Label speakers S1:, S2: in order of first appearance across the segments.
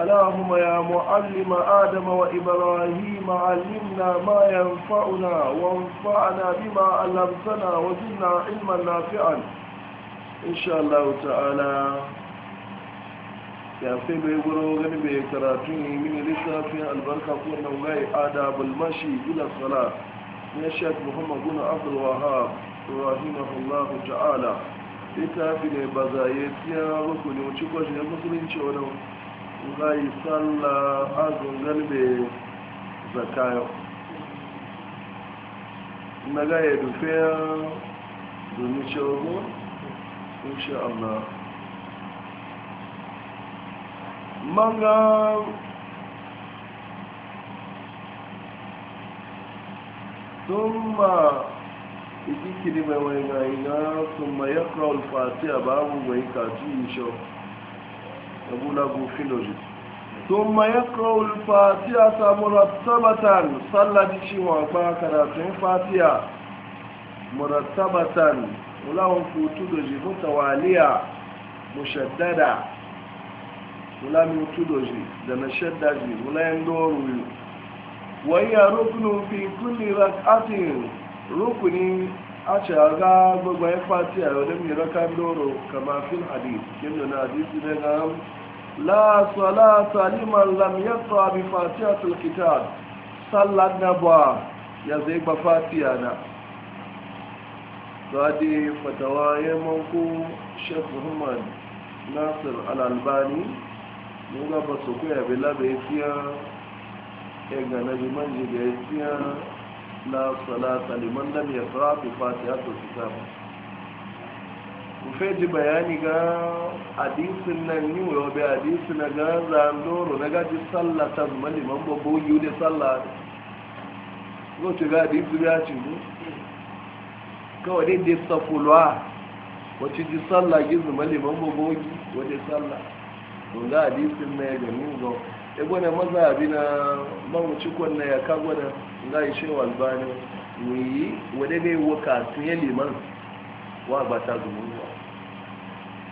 S1: اللهم يا معلم آدم وإبراهيم علمنا ما ينفعنا وانفعنا بما علمتنا وزدنا علما نافعا إن شاء الله تعالى ya sai bai guro gani bai karatu ne mini littafin albarka ko na wurai adabul mashi ila sala na shek muhammad guna abdul wahab rahimahullah ta'ala littafi ne ba zaye tiya musulunci wani zai tsalla azun galbe zakayo na gaya dufiyar domin shawarwa insha Allah manga tumma ikikiri mai wani na ina tumma ya krawul fati a babu mai kaji insha Allah kabula gufin lojin tun ma ya kawo fatiya samu rattabatan tsallaci cewa ba karatun fatiya murattabatan ulawun kutu doji mutu waliya mushaddada ulawun kutu doji da na shaddaji ulayen doruwi wayan rukunin fi kulli rakatin rukuni a ce a ga gbogbo ya fatiya yau da mai rakan doro kama fil hadith kinu na hadith ne na hau la salata liman lam yaqra bi fatihatil kitab sallat na ba ya zai ba fatiha na sadi fatawa ya manko shek muhammad nasir al-albani mun ga ba su koya bi labe fiya ya ga na liman jiga ya fiya la salata liman lam yaqra bi fatihatil kitab feji bayani ga hadisin nan yi wa bai hadisi na ga zandoro na gaji sallata maliman babbo yiwu da sallata zoce ga hadisi ya ci ne kawai dai dai safulwa wacce ji salla gizu maliman babbo yi wadda salla don ga hadisin na ya gani zo e ya gwada maza abi na mawuci kwanne ya kagwada za a yi shewa albani mu yi wadda bai waka sun yi liman wa ba ta zumunwa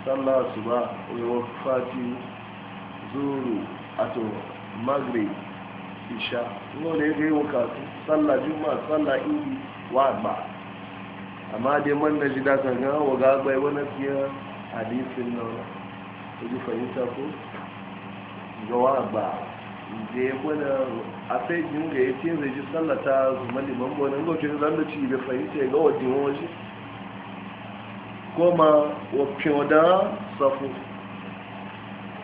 S1: sallah ba wa fati zuru ato magre isha ngo ne ga wa kasu sallah juma sallah indi wa ba amma dai man na ji da kan ga wa ga bai wani fiye hadisin na wani ji fahimta ko ga wa ba da ya kuna a sai jin ga ya ce zai ji sallah ta zuma liman bonin lokacin zan da ci bai fahimta ga wajen wajen goma wafin da safu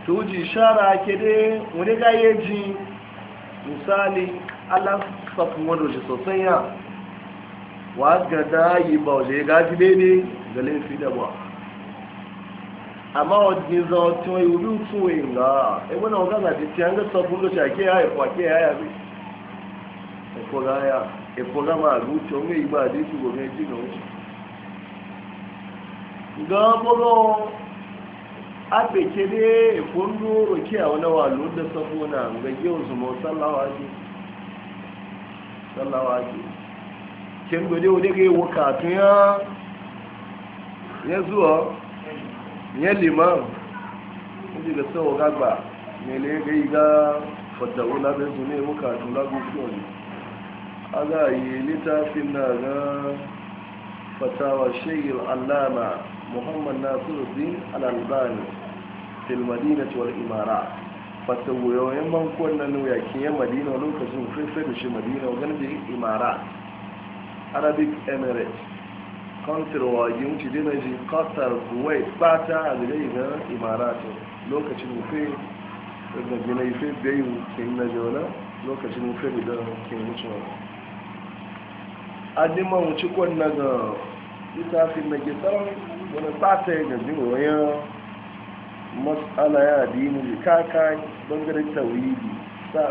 S1: tuji shara ke dai wani gaye ji misali alas safu wadda shi sosai ya wadda da yi ba waje gaji daidai ga laifi da ba amma wadda za ta yi wuri tuwa yin ga ebe na wadda zafi ta yanga safu da shake ya yi kwake ya yi abi ekoga ya ekoga ma rutu onye igba adịghị igbo ga ji na wuce. ga bugo a fece ne kundu a wani walo da safona ga yau zuma sallawa ji sallawa ji kin gode wani ya zuwa ya liman wani ga sau gagba ne ne ga yi ga fatawo ne a yi na muhammad nasiruddin al'albani fil madina wal imara fata goyoyin bankon na nuya kiyan madina lokacin fefe da shi madina wajen da imara arabic emirates kantar wajen ci dina ji qatar kuwait bata a zai na imaratin lokacin rufe da gina ife bayu ke na jona lokacin rufe da ke wucewa adiman wuce kwan na ga littafin na ke tsaron wani sata ya gaji wayan matsala ya dini da kaka bangare tawhidi sa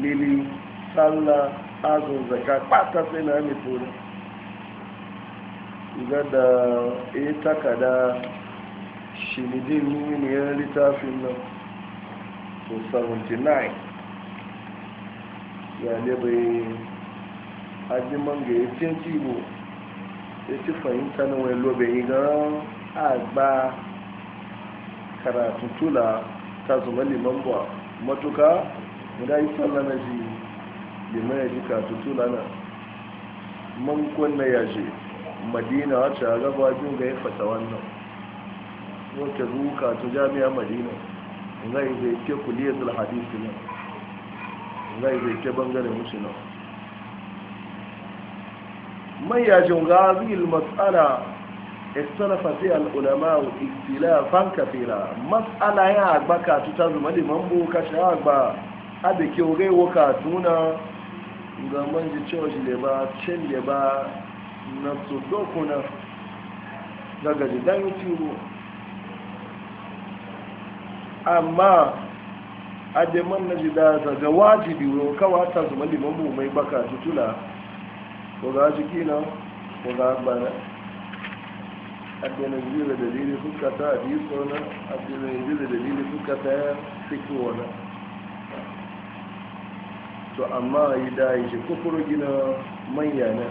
S1: lili tsalla azun zaka kwata sai na mai tura ga da ya takada shimidin miniyar littafin nan to 79 ya ne bai ajiman ga ya cin cibo ci fahimta na wani lobe igan a gba karatun tula ta zuma liman buwa matuka guda yi tsalla na ji liman ya ji karatun tula na man na ya ji madina wacce a gaba jin ga ya fata wannan wata ruka ta jami'a madina zai zai ke kuliyar hadisi na zai zai ke musu na. من يجن غازي المسألة اختلفت العلماء اختلافا كثيرا مسألة يا أكبا كاتو تزم دي منبو كشا أكبا أبي كيو غي وكاتونا زمان جي تشوش لبا تشن لبا نفسو دوكونا daga jidan tiro amma ademan na jida daga wajibi kawa ta zuma liman mai baka tutula ko jiki na ko za adinin jiri da dalili suka ta hadiso na adinin jiri da dalili suka ta fitowa na to amma yi da yi shi kufuru gina manya na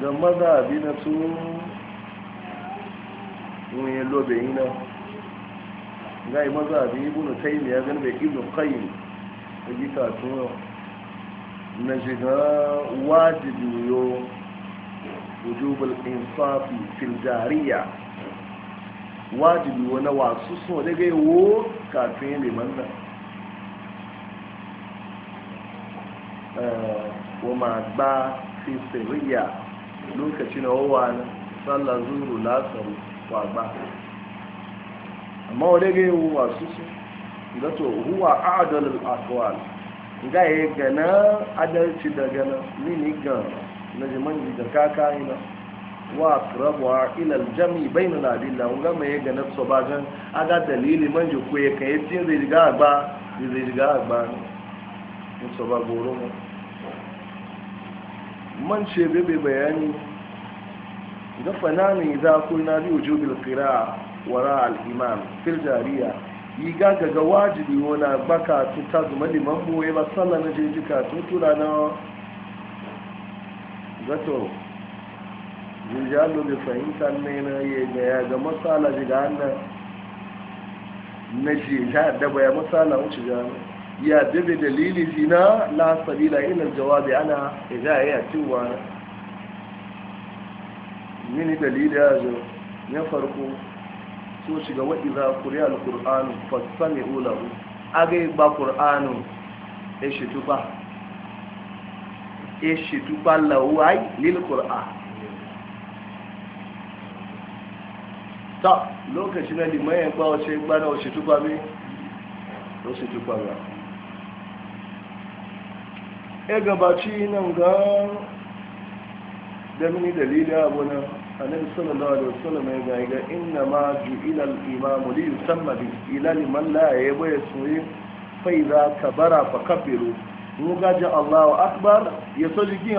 S1: ga maza abi na tun wuyin lobe yi na ga yi maza abi ibu na taimiyar ya gani bai ibu kayi a gita tun yau na shiga wajibi yo wujubul insafi fil jariya wajibi wani wasu so da gai wo kafin yi liman nan eh, wa ma gba fi siriya lokaci na wawa na sallar zuru lasaru wa gba amma wadda gai wo wasu so gato huwa adalin akwai ga ya gana adalci daga na mini gan na jimanji da kaka ina wa karabuwa ilal jami bai na labila wunga mai ya gana so ba gan aga dalili manji ko ya kai tin zai riga agba zai riga agba ne so ba goro mu man ce bebe bayani ga fanani za ku na biyu wujubil kira wara al-imam fil jariya yi gaga ga wajibi wana baka ta zuma liman boye ba sallah na jeji ka tura na gato jijalo bai fahimta ne na yi ga ya ga matsala jiga hannun na shi ya daba ya matsala wuce jami ya dabe dalili zina la sabila ilal jawabi ana idza e ya tuwa mini dalili ya zo na farko so shiga wa'iza kuriya al-ƙur'anu fasami ularu agai ba ƙur'anu ya shi tuba ya shi tuba lawai lil ƙur'a. ta lokaci na limayen kwa wace gbana wace tuba ne shi tuba ba ya gabaci nan ga damini dalilin abu na annabi sallallahu alaihi wasallam ya ga ga inna ma ju'ila al imam li yusamma bi ilal man la yabu yasuyi fa idha kabara fa kafiru mu gaja Allahu akbar ya soji kin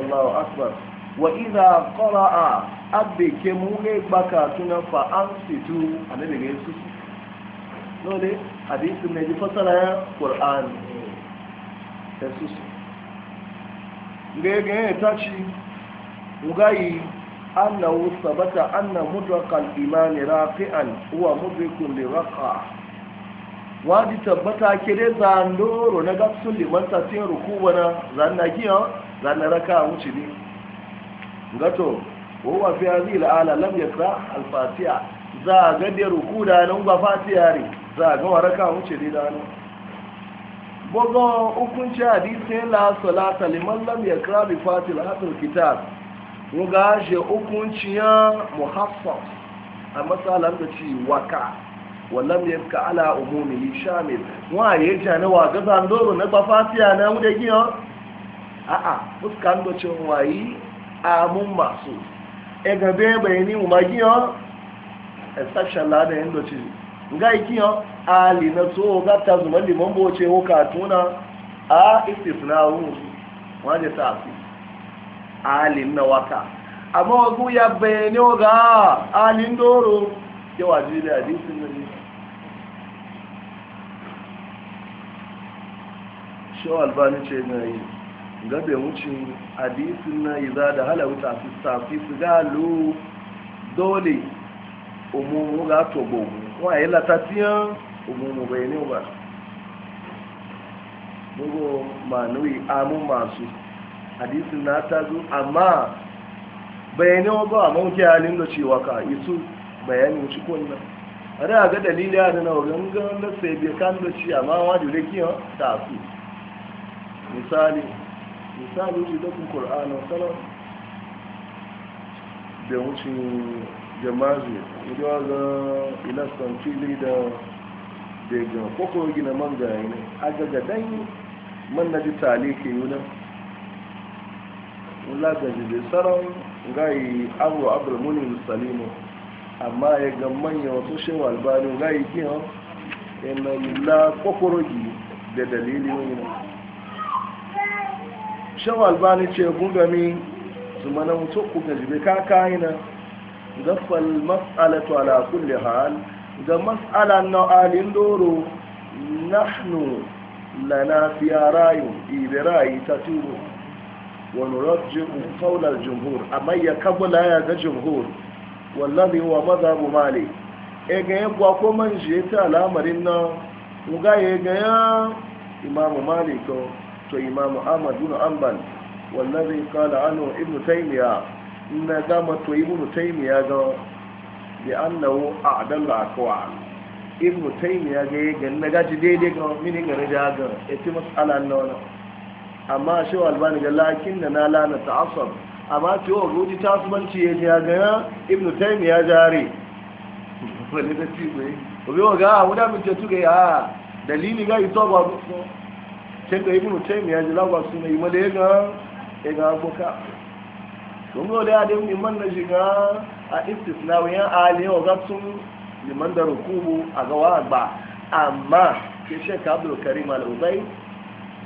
S1: Allahu akbar wa idha qara'a abbi ke mu ga baka tuna fa ansitu annabi ga N'o dole hadisi ne ji fasala ya Qur'an yesu ga ga ta ci mu ga yi أنه ثبت أن مدرك الإيمان راقعا هو مدرك لرقع wadi tabbata kire zandoro na gafsun limanta cin rukuba na zanna kiyan zanna raka wuce ne gato kowa fi hazi la'ala lam ya kira alfatiya za a ga da ruku da nan ba fatiya ne za a gawa raka wuce ne da nan bugon hukunci hadisi la salata liman lam ya kira bi fatil hatul kitab wuga shi hukunciyar muhaffaf a matsalar da ci waka wallan ya fi ala umumi shamil wa ya yi jani wa gaza ndoro na bafasiya na wuda a a'a fuskan da cin wayi amun masu e gabe bayani mu magiyan exception la da yando ci ga ikiyan ali na so ga ta zuma liman boce ko katuna a istisna wu waje ta fi alin na wata amma ogun ya bayani ga alin ndoro ya waje da hadisin nan shaw albani ce na yi gabe wucin hadisin na yi za da halauta su safi su galo dole umumu ga togo wa yi latatiyan umumu bayani ba gbogbo nui amu masu hadisin na ta zo amma bayanin ba a mawuke halin da cewa ka isu bayani shi kunna a da ga dalili ya dana wurin ganin da sai bai kan da ci amma wa da rake ya ta su misali misali shi da kun qur'anin salam da wucin jama'i idan ga ila santi da da ga koko gina man ga ne aga ga dan man naji talike yunan lagaji da tsaron gayi abu abdulmunin salimu amma ya ga manya wasu shewa albani gayi kiyan ina la kwakwarogi da dalili wani shewa albani ce gugami su mana mutu kuka jibe kaka yana matsala to ala kulli hal ga matsala na alin doro nahnu lana fiya rayu ibe rayu ta tubu wani rajin faular jimhur amma ya kabula ya ga jimhur wallazi wa mazhabu mali e ga ya ko man je ta al'amarin nan uga ya ga ya imamu malik to imamu ahmad bin anbal wallazi qala anhu ibnu taymiya inna gama to ibnu taymiya ga bi annahu a'dal aqwa ibnu taymiya ga ya ga na gaji daidai ga mini ga raja ga ita mas'ala nan amma shi wa albani ga lakin da na lana ta'asar amma ce wa guji tasubanci ya ji ya gana ibn taimi ya jare wani da ci ne obi wa ga wuda min tetu ga ya dalili ga ito ba can ga ibn taimi ya ji lagwa su ne ima da ya ga ya ga aboka don yau da ya da liman na shiga a istisna wa yan ali wa ga sun liman da rukubu a gawa ba amma ke shekka abdul karim al-ubai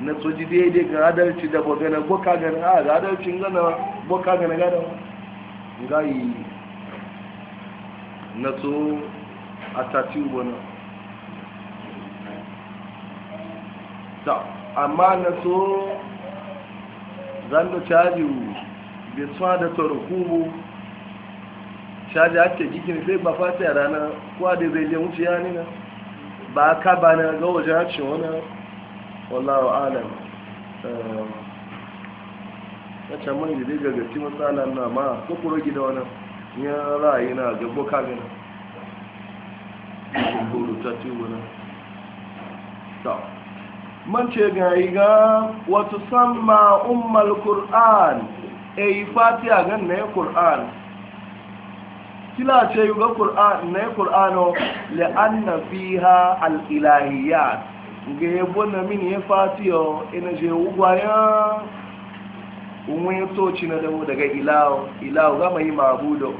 S1: na soji daidai ga adalci da bagana boka gani a ga adalcin gana boka gani gana gayi na so a tati wani ta amma na so zanda caji bai tsawa da tsarkubu caji ake jikin sai ba fata ranar kwa da zai wuce yanina ba ka ba na ga wajen hacci wani wallahu alam ya eh, ce mai da zai gaske matsala na ma kokoro gida wani ya ra'ayi na gabo kagana kokoro ta ci wani ta mance ga yi ga wata samma ummal kur'an e eh, yi fatiya gan na ya kur'an kila ce yi ga kur'an na ya kur'ano na fi ha ilahiyat ga yabo na mini ya fati yau ina e je ugwaya, ya unwe toci na dawo daga ilawo ilawo gama yi mabudo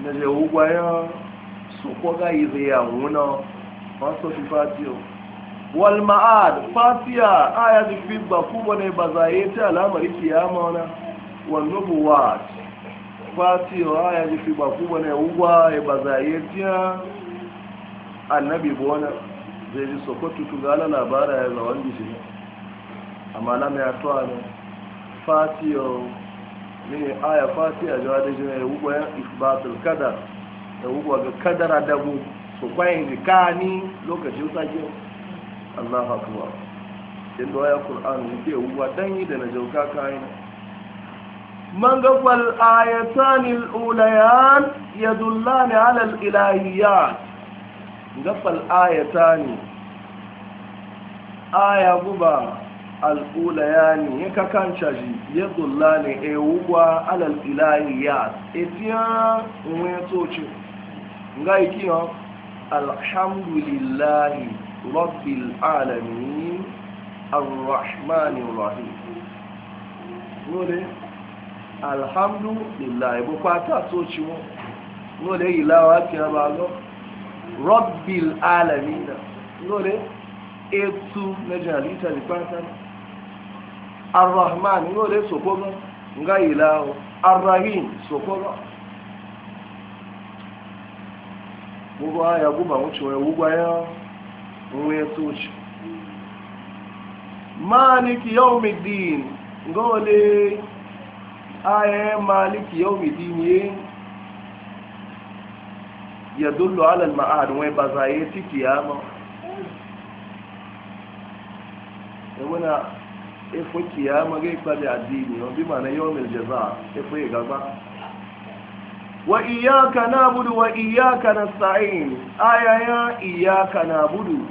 S1: ina e je ugwaya, su koga yi zai ya wuna masu fi fati yau wal ma'ad fatiya aya da fi ba kuma ne ba yi ta alamar kiyama wana wal nubuwat fatiya aya da fi ba kuma ne ugwa e ya ba yi ta annabi wana. zai ji sokoto tugala labara ya zawon gishi amma na mai atuwa ne fatiyo ne aya fatiya jawa da jina ya wuwa yan isbatul kadar ya wuwa ga kadara dabu so kwayin ni lokacin sake allah hakuwa inda waya kur'an ya ke wuwa dan yi da na jauka kayan من قفل الآيتان الأوليان يدلان على الإلهيات gafal ayata ne aya guba al'ula ya ne ya kakan caji ya zulla ne a e wugwa alal ilahi ya etiya nwe toci ga ikiyo alhamdulillahi rabbil alamin arrahmanir rahim nore alhamdulillahi bu kwata toci mu nore ilawa ba lo rabbil alamina lore etu na itali di na. arrahman lore sokoga nga ahụ arrahim sokoga gbogbo aya guba wuce wai gugba ya nwe ya toci maliki yau midin ga wale aya maliki yau ya dullo alal ma'ad wai ba za yi ci kiyama ya muna efo kiyama ga ikpa da addini wa bi mana yau mil jaza efo ya gaba wa iyaka na budu wa iyaka na sa'in ayaya iyaka na budu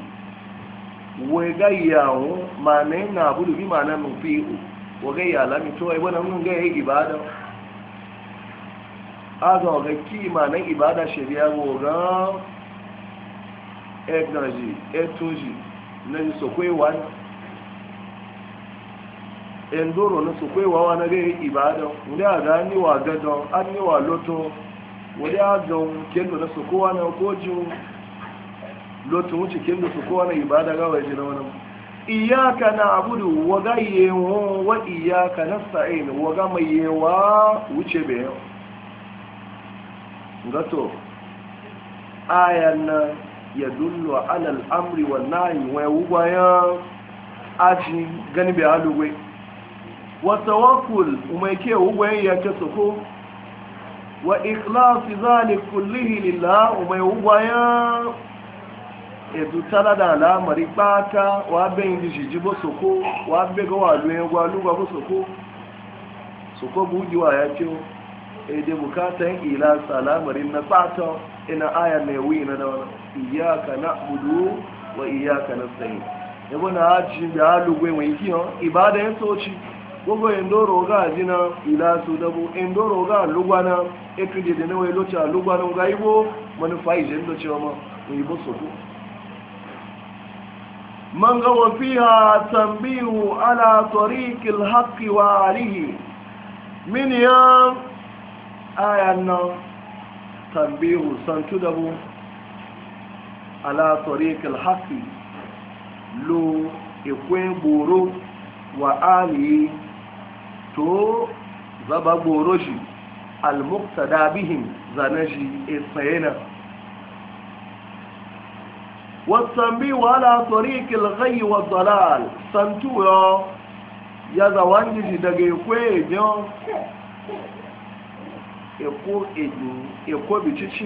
S1: wai ga yawo ma na budu bi mana nufi wa ga iyalami to wai wani mun ga yi ibada aga ga kima na ibada shari'a go ga energy na so kwewa endoro na so wa na ga ibada ndi aga ni wa gado an wa loto aga kendo na so na koju loto wuce kendo so na ibada ga waje na wannan iyaka na abudu waga yewon wa iyaka na mai yewa wuce bayan gato ayan nan ya dullo alal amri wa nahi wa ugwayan aji gani bai halugwe wa tawakkul umaike ugwayan ya kasu ko wa ikhlasi zalik kullihi lillah umai ugwayan ẹ̀dùtálá dáadáa mọ̀rí pátá wà bẹ́yìn di ṣìjí bó sòkó wà bẹ́gọ́ wà lóyìn wà lúgbà bó sòkó sòkó bú jíwà yá tí ó sai dai bukatan ila salamarin na fata ina aya mai wuyi na dawana iyaka na budu wa iyaka na sayi yabo na haji da halugwe mai kiyo ibada ya soci gbogbo indoro ga jina ila su dabo indoro ga lugwana etu da na wai locha lugwana ga ibo manufa ije ndo cewa ma mu ibo soto man ga wa fiha tanbihu ala tariqil haqqi wa alihi min ya ayan nan tambihu santu da bu ala tariqil haqqi lo ikwe boro wa ali to zaba boro shi al-muqsa muqtada bihim zanaji isayna والتنبيه على wa Dalal, والضلال سنتو ya zawanji daga ikwe جو ẹ̀kọ́ èdò ẹ̀kọ́ bí títí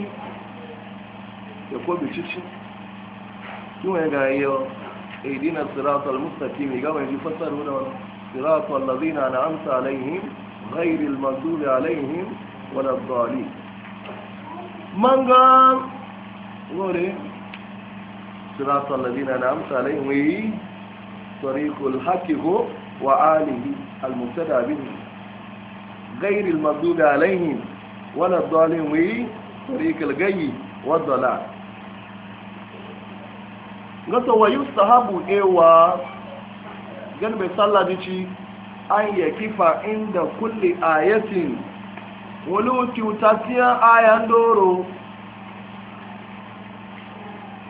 S1: ẹ̀kọ́ bí títí kí wọ́n ga yọ èdè na sirata al-mustaqim ìgbàmọ̀ ìdí fásar wọn sirata al-lazina na amsa alaihim ghairi al-maghdubi alaihim wala dhali Mangan. wore sirata al-lazina na amsa wai yi tariqul haqqi wa alihi al-mubtada bihi غير المغضوب عليهم wani dalin wuyi tarikul gayi wadda la gasa wa yustahabu ewa gan bai salladici an yi kifa inda kulle ayatin wani kiutatiyan ayan doro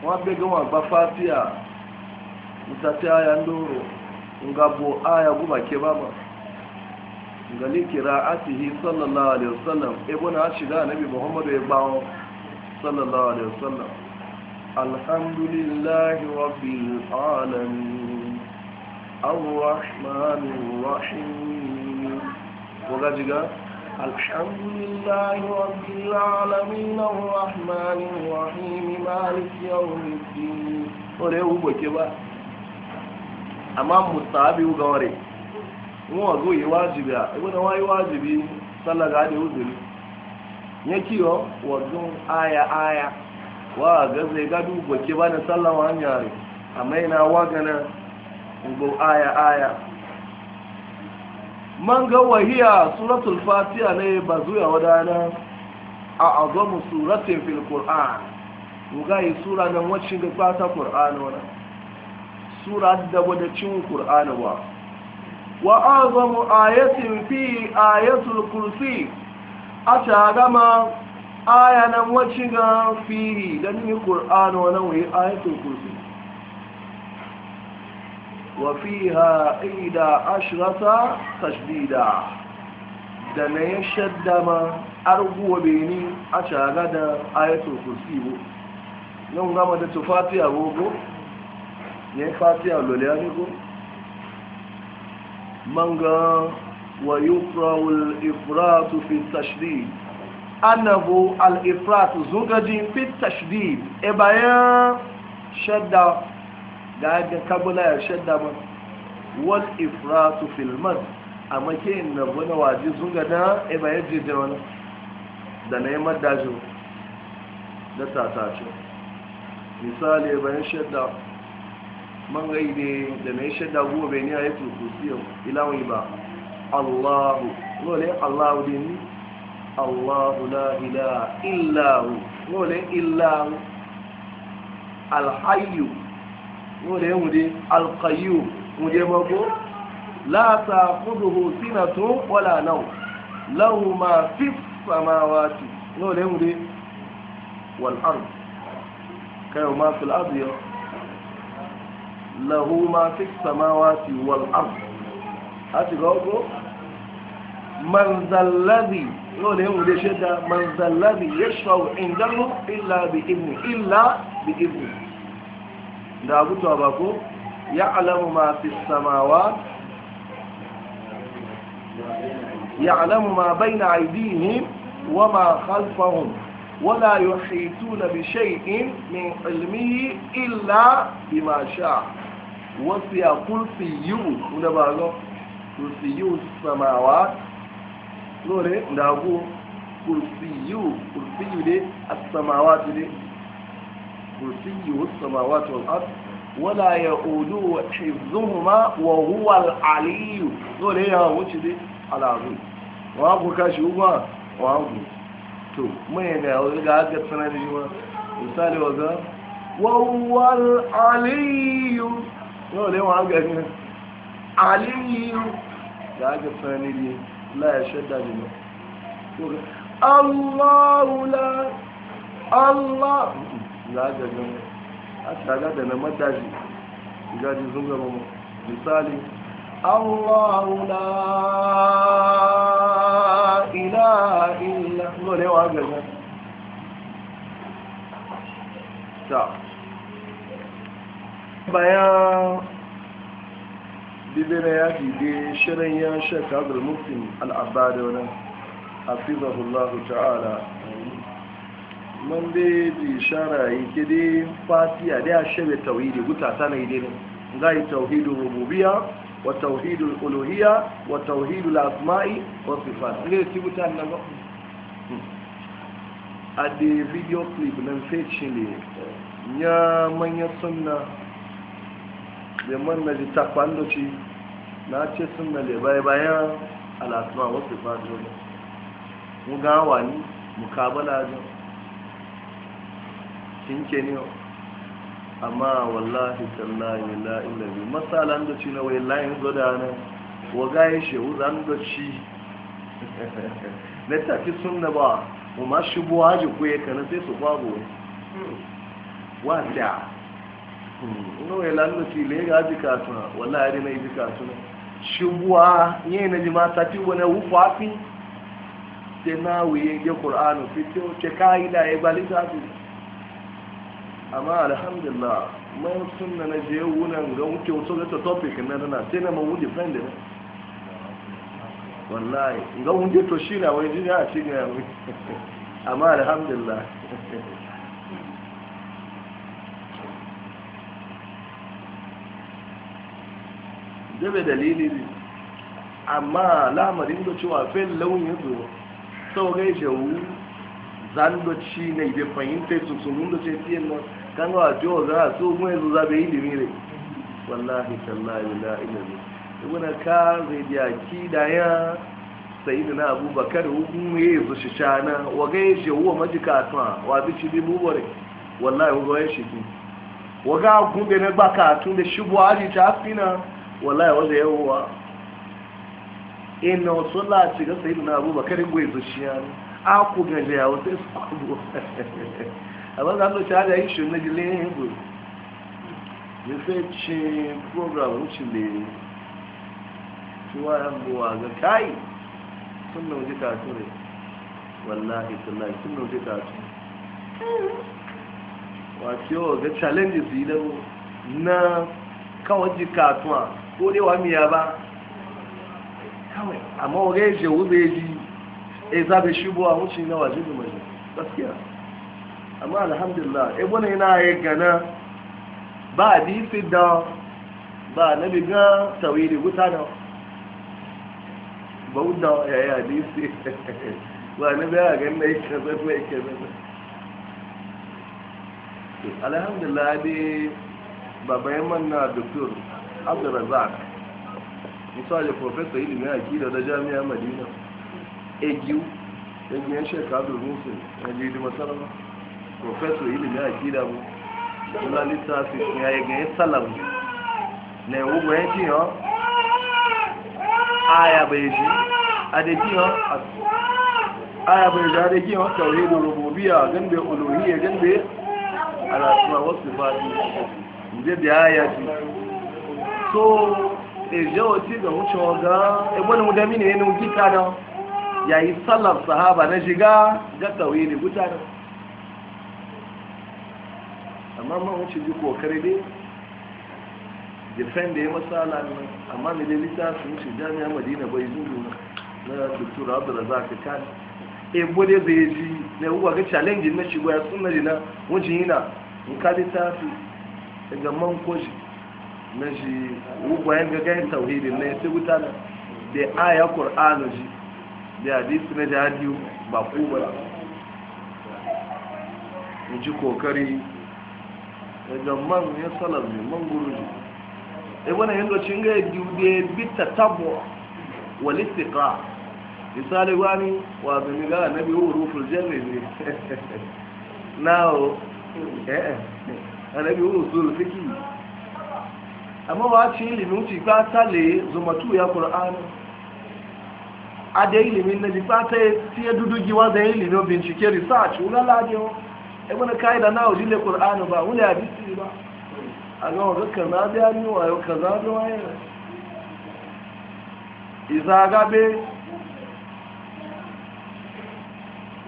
S1: wọ́n gama gẹ́wọ̀n àgbà fàtíà ayan doro ń lóòrò ń gàbò àyà gúbà kí gani kira'atihi sallallahu alaihi wasallam ibn hashida nabi muhammadu ya bawo sallallahu alaihi wasallam alhamdulillahi rabbil alamin arrahmanir rahim waga jiga alhamdulillahi rabbil alamin arrahmanir rahim malik yawmiddin ore ubo ke ba amma mustahabi ga ware wọn wà góyè wájìbì à ẹgbẹ́ náà wáyé wájìbì sálàgà àdé òzèlú yẹn kí ọ wọ́n dún àyà àyà wà á gẹ́gẹ́ gádù gbọ̀kẹ́ bá ní sálàwà ń yàrá àmọ́ yìí náà wá gánà gbọ́ wahiya suratul fatiha ne ba zuwa wadana a azamu suratin fil qur'an muga yi sura nan wacce da fata qur'an wana sura da wadacin qur'an wa وأعظم آية في آية الكرسي أتعلم آية نموشنا فيه دني القرآن ونوي آية الكرسي وفيها إيدا عشرة تشديدا يشد ما أرغو بيني أتعلم آية الكرسي نوم غمدت فاتحة وقو ne fatiha loliyar ne manga wa yukrahu al fi tashdid annahu al-ifrat zungajin fi tashdid e bayan shadda ga ga kabula ya shadda ba wal ifratu fi al-mad amma ke inda wani waje zugada e bayan jirgin wani da na yi madajo da tatacin misali e bayan shadda man gai da da mai shaida guwa bai ne a yi tutusiyo ilawai ba allahu lole allahu din allahu la ilaha illahu lole illahu alhayu lole wude alkayu wude mako la ta kuduhu sinatu wala nau lahu ma fi samawati lole wude wal ard kayo ma fil ardi له ما في السماوات والأرض أتي قولكم من ذا الذي يقولون لي شدة من ذا الذي يشفو عنده إلا بإذن إلا بإذن دعوت أباكم يعلم ما في السماوات يعلم ما بين أيديهم وما خلفهم ولا يحيطون بشيء من علمه إلا بما شاء wasu ya kursi yiwu wanda ba ga kursi yiwu samawa lore da ku kursi yiwu kursi yiwu ne a samawa tu ne kursi yiwu samawa tu al'ad wala ya odu wa shizuhuma wa huwa al'aliyu lore ya wuce ne al'adu wa ku kashi uwa wa ku to mai ga ga sanar da shi ma misali wa ga wa huwa al'aliyu yau ne wa gari
S2: aliyu
S1: da aka sani ne la ya shadda ne ba
S2: allahu la allah
S1: za ga gani a shaga da na matashi gaji sun gaba mu misali allahu la ilaha illa ne wa gari ta bayan bibina ya dide shirin ya shaka al-muslim al'abada wani hafizahullahu ta'ala man dai ji shara yi kide fatiya da ya shebe tauhidi guta ta na idini za yi tauhidin rububiya wa tauhidin uluhiya wa tauhidin asma'i wa sifat ne ti guta na ba a da video clip nan fecin ne ya manyan sunna da man na ji na ce sun na da bai bayan alasuma wasu fado ne mu gawa ni mukabala ne kinke ne amma wallahi tallahi la da bi masalan da ci na wai layin zoda ne wa gaye shehu zan da ci na tafi sunna ba mu ma shi buwa ji kuye kana sai su kwago hmm. wa da
S2: ina
S1: ya lalluci le ga ji katuna wallahi dai na. ji katuna shibuwa ye na ji mata ti wani wufa fi te na wiye ge qur'anu fi te ke kaida e balita fi amma alhamdulillah mun sunna na je wunan ga wuce wato ga topic na na sai na mu defend ne wallahi ga wunde to shi na wai ji ya ci ga amma alhamdulillah dabe dalili ne amma lamarin da cewa fen launin zo sau gai jawu zandoci ne bai fahimta su sunun da ce fiye na kan gawa jiwa za a so kuma yanzu zaɓe ilimi ne wallahi tallahi la ilimi na ka zai biya ki da ya sayi da na abubakar hukun ya yi zuci shana wa gai jawu wa majika tuwa wa bi ci bi bubare wallahi hukun shi ki wa ga gungun na ka tun da shi buhari ta fina Wala ya wada yawowa ina wasu lati ga sayi na karin gwai ya ne a ku gaje ya wata su kwabo a ba za a lokaci hada yi shi na jile ya gwai ya sai ce program wuce ne cewa yan buwa ga kayi sun na wuce kasu ne wallahi tallahi sun na wuce kasu wato ga challenges yi da na kawai jikatuwa ko dai wa miya ba kawai amma wagai je wube ji e zabe shi buwa wuce na wajibi mai gaskiya amma alhamdulillah e eh, bane yana ya gana ba hadisi da ba na biga tawili guta da ba wuda ya yi hadisi ba na biya ganin na yake zai mai ke zai alhamdulillah yẹn mọ̀ manna doktor abdurrazak misali profesa ilimin akida da jami'a madina egiu egiyan shekaru rufin na jiri masarama profesa ilimin akida bu na littafi ya yi ganyen salam na yi wugo yanki yau aya bai ji a da yau aya bai ji a da ki yau tauhidin rububiya ganbe uluhiyya ganbe a wasu fadi inda da ya yaji so ejo oti ga wuce oga ebe na mudami ne ne gita da yayi sallar sahaba na shiga ga tawili guta da amma ma wuce ji kokare dai defend ya masala nan amma ne dai lita su wuce jami'a madina bai zuru na doktor abdulrazak kan ebo dai zai ji na uwa ga challenge na shigo ya sunna dina wuce yana in ka lita su ga man koji na shi gwayen gagayen tauhidin na ya sai wuta da da aya ƙor'anu ji da hadisi na jihadiyu ba kubara in ji kokari daga man ya salar mai man guru ji ibana e, yin docin ga yadda da bita tabo walistika misali wani wa zumi ga na biyu rufin jami ne na o eh, eh. na biyu usul fiki amma ba ci ilimin ci fata le zumatu ya ƙur'ani a da ilimin na jifata ya tiye dudugiwa da ilimin bincike research wula ladewa ya mana kayi da na ojile qurani ba wule hadisi ba a ga wa kaza da ya ni wayo kaza da waye iza gabe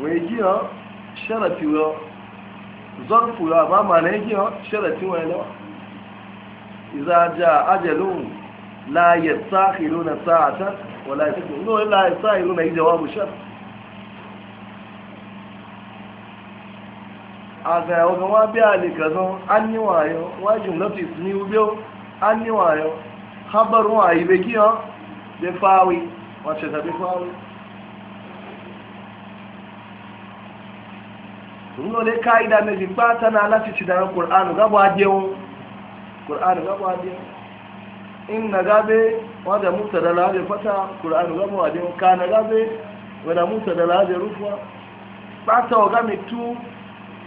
S1: wai giya sharafi wa zarfu ya ba ma na giya sharafi wa yanawa iza ja ajalun la yastakhiruna sa'atan wa la yastakhiruna la yastakhiruna jawabu shar aga wa ma bi alika zon anni wayo wa jumlatu ismi ubyo anni wayo khabaru wa ibekiyo de fawi wa shatabi fawi Nínú olè káìdá méjì pátá láti ṣìdára Kùránù gábọ̀ ajẹun ƙur'an gaba adin in na gabe wadda mutu da labe fata ƙur'an gaba adin ka na gabe wadda mutu da labe rufuwa ɓata wa game tu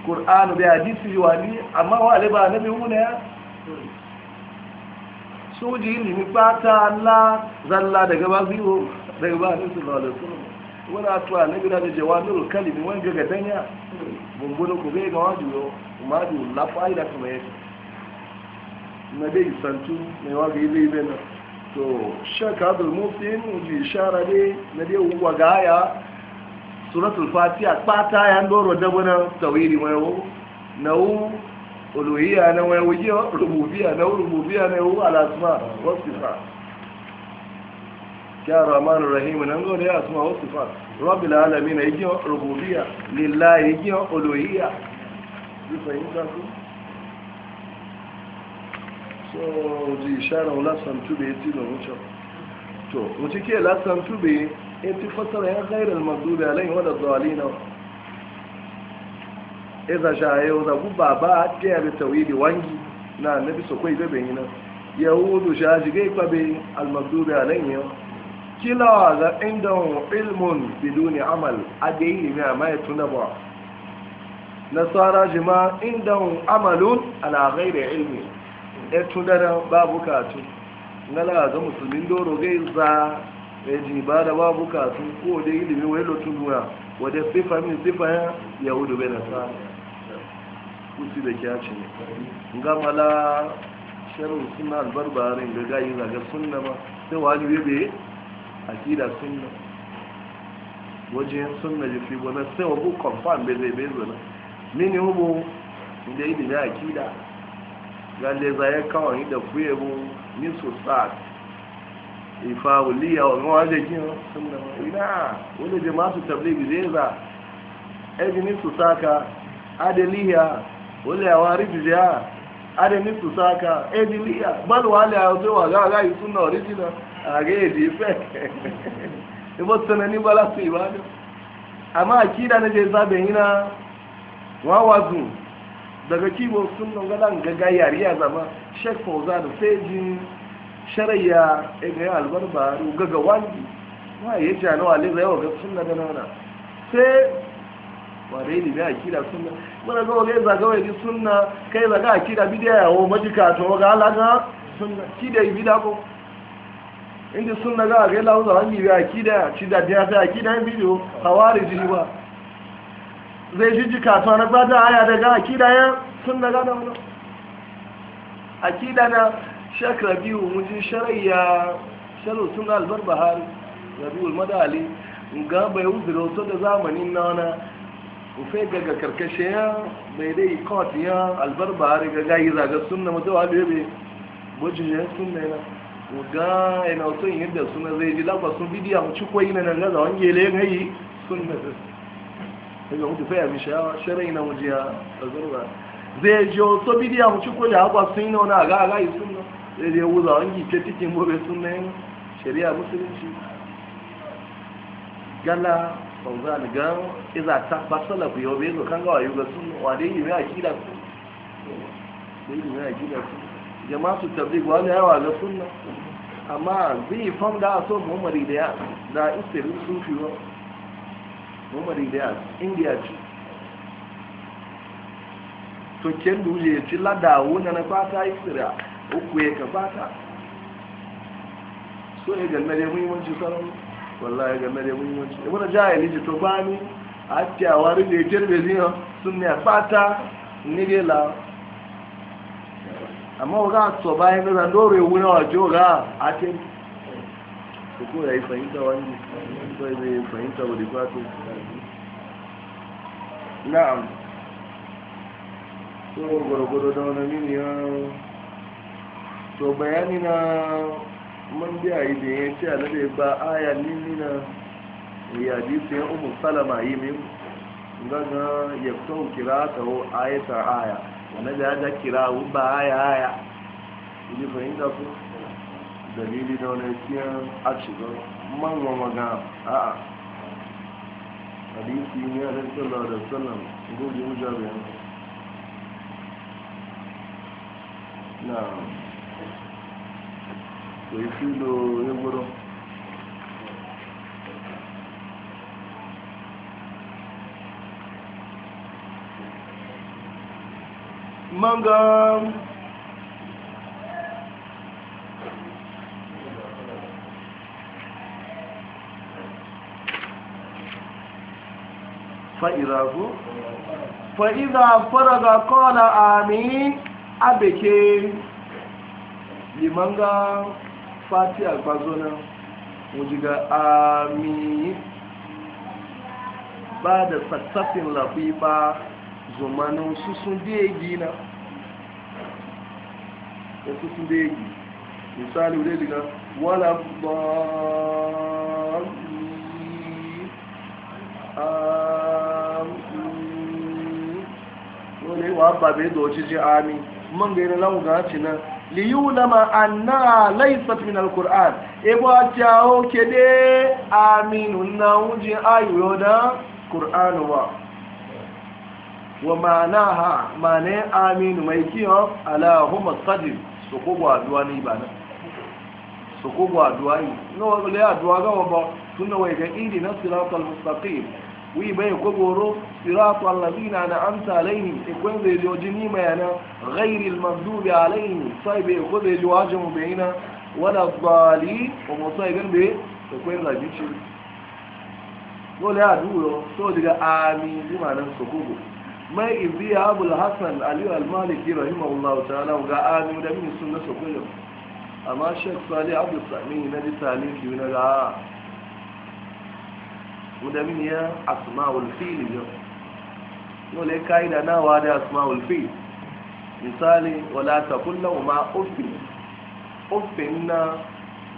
S1: ƙur'an bai hadisi yi wani amma wa aliba na bi wuna ya soji ilimi ɓata la zalla daga ba biyu daga ba nisu da wadatunmu wani atuwa na gida da jawamirul kalimi wani gaga danya bumburu ku bai ga wajiyo ma bi lafa'i da kuma yake na dai santu mai waga yi zai bena to shaka da mufin ji shara ne na dai wuwa ga aya suratul fatiha kpata ya ndoro da bana tawili wayo na wu uluhiyya na wayo wayo rububiyya na rububiyya na wu alasma wasifa ya rahman rahim nan go da asma wasifa rabbil alamin yaji rububiyya lillahi yaji uluhiyya bisa yin so ji ishara wa lasan tube ya ci da wuce to wuce ke lasan tube ya ci fasara ya gairar almagdubi alayhi wa dhalina iza shayo da guba ba ta yabi tawidi wangi na nabi sokoi bebe yana yahudu shaji gai kwabe almagdubi alayhi kila ga inda ilmun biduni amal ade ilimi a ya tunda ba nasara jima inda amalun ala ghairi ilmi ya eh, tunana ba bukatu ngala ga musulmin doro ga za e ji ba da babu katu ko da ilimi wai lotun dora wadda sifa min sifa ya yahudu bai na sa kusi da kya ne ngamala sharun suna albarbarin ga gayi zaga sunna ba sai wani bebe akida sunna wajen sunna ji fi wani sai wabu confirm bai zai bai mini hubu inda ilimi akida galle zaye kawai da kuye bu ni so sa ifa uliya wa mawa da kin sunna ina wani jama'atu tabligh zai za eji ni su saka adeliya wale ya wari biya adeni su saka ediliya bal wale ya to wa ga ga sunna original age di fe e bo ni bala su ibado amma akida ne je zabe ina wa wazu daga kibon sun gada ga gayari ya zama shek fauza da fejin sharayya ya gaya albarba gaga wani ma ya ce na wale zai waga sunna da nana sai ware ne bai akida sunna mana zo ne zaga wai sun na kai zaga akida bidiya yawo majika to ga alaga ki kida yi bida ko inda sunna ga ga lawo zan yi akida ci da biya sai akida bidiyo wari jini ba zai ji jijji kasuwa na gbada haya daga akida ya sun daga da wani akida na shek rabiu mujin sharayya sharu sun albar bahari rabiu madali ga bai uzura wato da zamanin na wani ufe daga karkashe ya bai dai kot ya albar bahari ga gayi zaga sun na mutuwa bebe bujin ya sun na yana ga yana wato yin yadda suna zai ji lagwa sun bidiya mu ci kwayi na nan gaza wani gele ya sun na daga mutu faya mi sharai na wajiya a zarura zai ji so bidiya mu ci koja haka sun yi wani ga aga yi sunna zai zai wuza wangi ce cikin gobe sunna yin shari'a musulunci gala sauza da gan iza ta basala ku yau bai zo kan gawa yi ga sunna wa dai yi mai akida su dai yi mai akida su jama'a su tabbi wani yawa ga sunna amma zai fam da so muhammadi da ya da istirin sufi wa umari da indiya ce to ken duje ya ci ladawo na na fata tsira, uku ya ka fata so ya ganna da muhimmanci sarar wallahi ganna da muhimmanci ibn jahili ji to bani a tiyawa rufe ya kirbe zina sun ne fata nige la amma ga so bayan da zan dore wuna wa joga a kirbe su ko ya yi fahimta wani sai zai fahimta wuri fato na'am so gwargwaro da wani mini ya to bayani na man biya yi da ya ce alaɗe ba aya nini na yadi su yan umar salama yi min gana ya kawo kira ta wo ayatar aya wani da ya da kira ba aya aya ji fahimta ku dalili da wani fiyan a shigar manwan waga a a hadisi ne a ɗan sallah da gobe wujar
S2: na da yi filo ya
S1: manga
S2: fa'iza ku
S1: fa'iza faraga kola amin abeke liman ga fati alfazo nan wujiga amin ba da sassafin lafi ba zumanin susun degi na da susun degi misali wule diga wala ba amin ne wa ba bai doci ji ami mun ga yana ga ci nan li yulama anna laysat min alquran e ba tawo kede Aminu na uji ayo da qur'an wa wa ma'anaha mane Aminu mai kiyo ala huma qadim suku ko ba ni ba nan su ko ba ni no le adwa ga ba tunna wa ga idi na siratal mustaqim wi mai kogoro siratu allazina na amsa alaini. e zai jo jini mai yana ghairil magdubi alaini. sai bai ko zai jo hajji mu wala bali o mo sai gan bai ikon e zai bici dole ya duro so daga ami ma nan so kogo mai ibi ya abul hasan aliyu almaliki rahimahullahu ta'ala ga ami da min sunna so kogo amma shek sali abdul sami na ji ki na ga guda min ya asma'ul fil yau dole kaida nawa da asma'ul fil misali wala taqul lahu ma uffi uffin na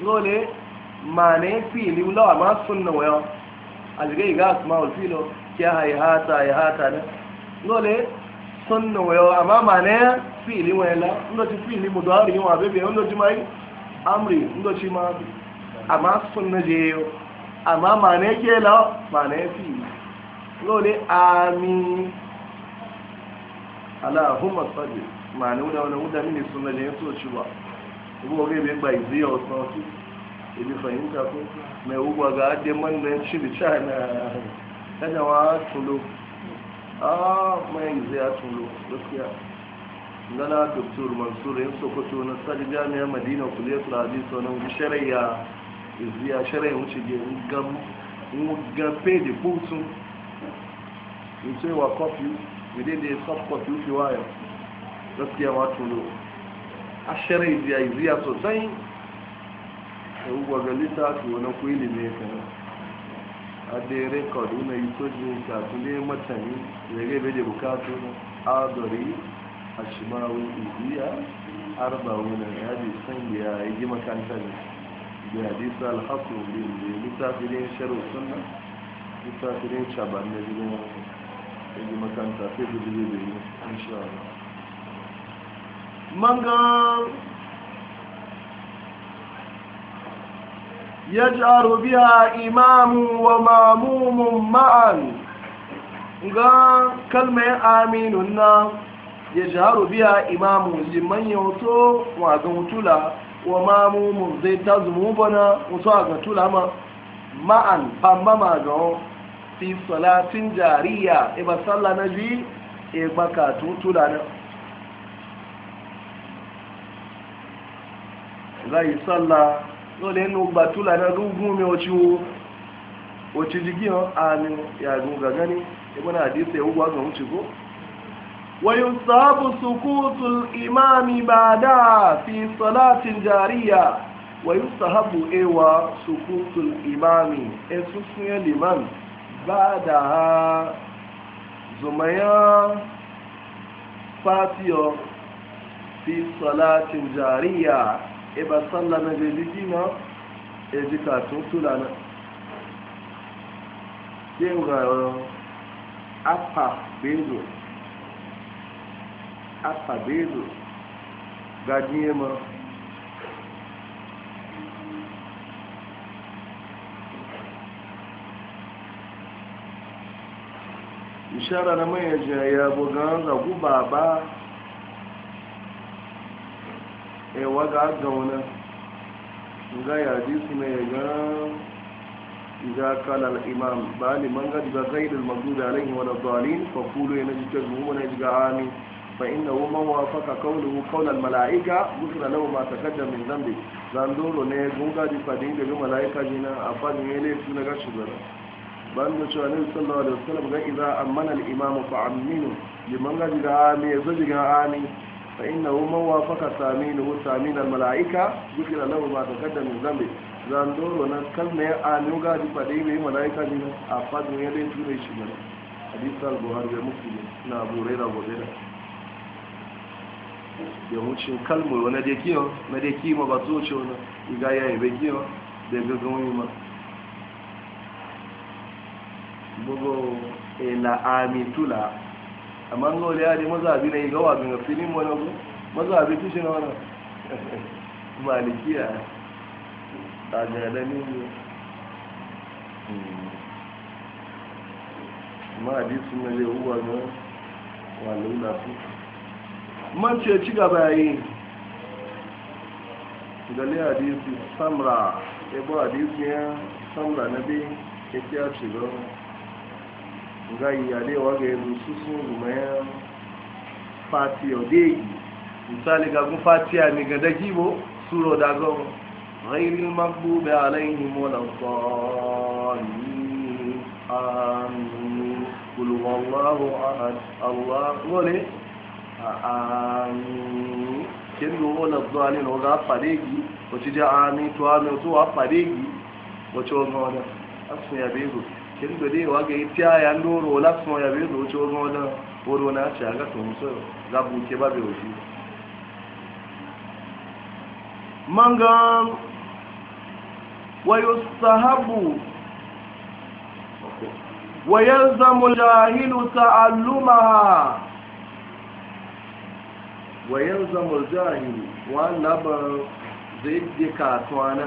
S1: dole mane fili lawa ma sunna wa algai ga asma'ul fil ya hayata hayata na. dole suna wa amma mane fil wala fili ti fil yi wa bebe ndo ti mai amri ndo ti ma amma suna je yau. àmọ́ màánà na lọ màánà fì na àmì aláhùnmọ̀ sọ́jì màánà wúdà na wúdà mí ní súnmọ́ lẹ́yìn tó ṣù wà gbogbo gba ìdí ọ̀sán sí ìbí fẹ̀yìntà kó mẹ gbogbo ọgá adé mọ́nà ṣìlì china ẹ̀jẹ̀ wọn á tún lò á mọ ìzé á tún lókè gana dr mansur sokoto na sadi jami'ar madina kuliyar ìzí aṣẹ́rẹ́ ìhun ṣe jẹ́ nǹkan péèdì púùtù ìtú ìwà kọ́pì ìdíde soft copy fi wáyọ̀ lọ́sí àwọn àtúnlò aṣẹ́rẹ́ ìzí àìzí àtọ̀ sẹ́yìn ẹ̀wù gbọ̀gbẹ̀ lítà àti wọn kú ilẹ̀ ní ẹ̀kẹ́ adé rékọ̀dù náà yìí tó ju ìtàkùnlé mọ́tàní ìrẹ́gẹ́ ìbédè bùkátù àádọ́rí àṣìmáwò ìdíyà arba'una ya bi yi bi hadisi alhassu bi littafirin sharu sunna littafirin shabar na jirgin wani da yi makanta sai da jirgin da yi insha Allah manga يجعر بها إمام وماموم معا ga kalmar aminun na ya jaharu biya imamu liman yauto wa ga mutula wa ma mu mu zai ta zumu bana wasu a gatu lama ma'an bamba ma ga hon fi salatin jariya iba e sallah na e ji e baka tutula na zai sallah dole nu batula na rugu me wacce oci wacce hon amin ya guga gani ibn hadisi ya e ugwa ga mutu ko ويصاب سكوت الإمام بعدها في صلاة جارية ويصحب إيوا سكوت الإمام إسوسي الإمام بعدها زميا فاتيو في صلاة جارية إبا صلى نجدنا إجتا تنسلنا كيف غير أبا بيزو afabedo gadinhema ishara na manhã ya boganza gubaba é e, o agagona nga ya hadisi na yaga إذا قال الإمام بالي من قد غير المغضوب عليهم ولا الضالين فقولوا ينجي كذبهم ونجي آمين فإنه من وافق قوله قول الملائكة غفر له ما تقدم من ذنبه زاندورو ne gunga di fadin da malaika jina a fadin ya laifi na gashi zara ban da cewa nabi sallallahu alaihi wasallam ga idza amana al imam fa aminu liman ga diga ami yazo diga ami fa innahu man wafaqa saminu samin al malaika ghufira lahu ma taqaddama min dhanbi zandoro na kalma ya ami ga di fadin da malaika jina a fadin ya laifi na gashi zara hadith al buhari da muslim na abu hurairah gobe yahuncin kalmuru na da kiyo na da kima ba so ce wani iga ya yi bai kiyo da gaggawa yi ma bugu a amitula amma ga wani yari mazabi na iga wa bin filin wani ku mazabi tushe na wani malikiya a jadanin hmm. ma hadisi na zai huwa na walau lafi man ce ci gaba yi gali hadisi samra ebo hadisi ya samra na bi ake ya ci gaba ga iyalewa ga yanzu su sun rumayen fati odegi misali gagun fatiya ni ga daki bo suro da gawo rairin magbube alaihi mola tsoni amin kulwallahu ahad allah wale àmì kí ni owó náà gbọ́ ní ọgá pàdégi òtí jẹ́ àmì tó àmì tó wà pàdégi òtí ọgbọ́n ọ̀nà ya yàbí ìgò kí ni gbèdé ìwágé tí a yà ń lóró láti wọn yàbí ìgò wani ọgbọ́n ọ̀nà oró náà ṣe àgàtò ń sọ̀rọ̀ mangan wayo sahabu ويلزم الجاهل wa yalzamu al-jahil wa laba zai Ta tuwana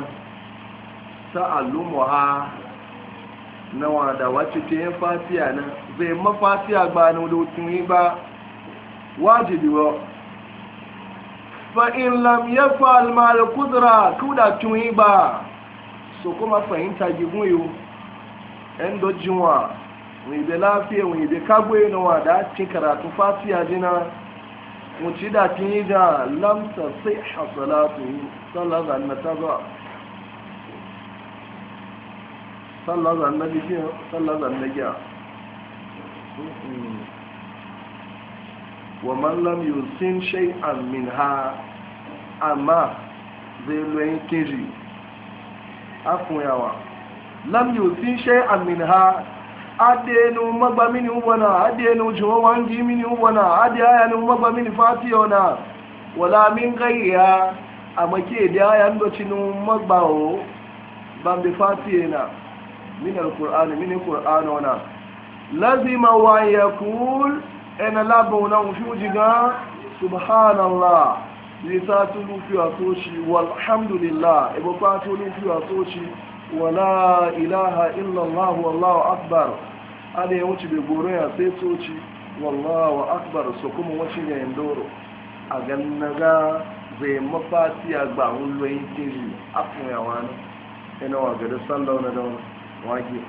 S1: ha, na wada wacce ke yin fatiya nan zai mafatiya ba na wadautun yi ba wajibi wa fa'in lam ya al da kudura tun yi ba so kuma fahimta gigun yiwu ‘yan dojinwa wani da lafiya wani da kagwe na wada cin karatun fasiya jina mutu da fi da lamsa sai hasalatu sallar zannata zuwa sallar zannabi shi wa mallam yusin ha amma zai loyin keji afunyawa lam yusin shai amin ha adenu magba mini na ubona adenu juwa wangi mini na adi aya ni magba mini fati na wala min gayya amake da aya ndo chinu magba o bambe fati ena min alquran min alquran ona lazima wa yakul ena labo na ufujiga subhanallah lisatu lufi wa soshi walhamdulillah ebo patu lufi wa wala ilaha illallah wallahu akbar ada ya wuce bai goro ya sai tsoci wallahu akbar su kuma wace ya yin doro a gannaga zai mafati a gba hulwayi keji a kuma wani ina wa gada sallau na dauna wage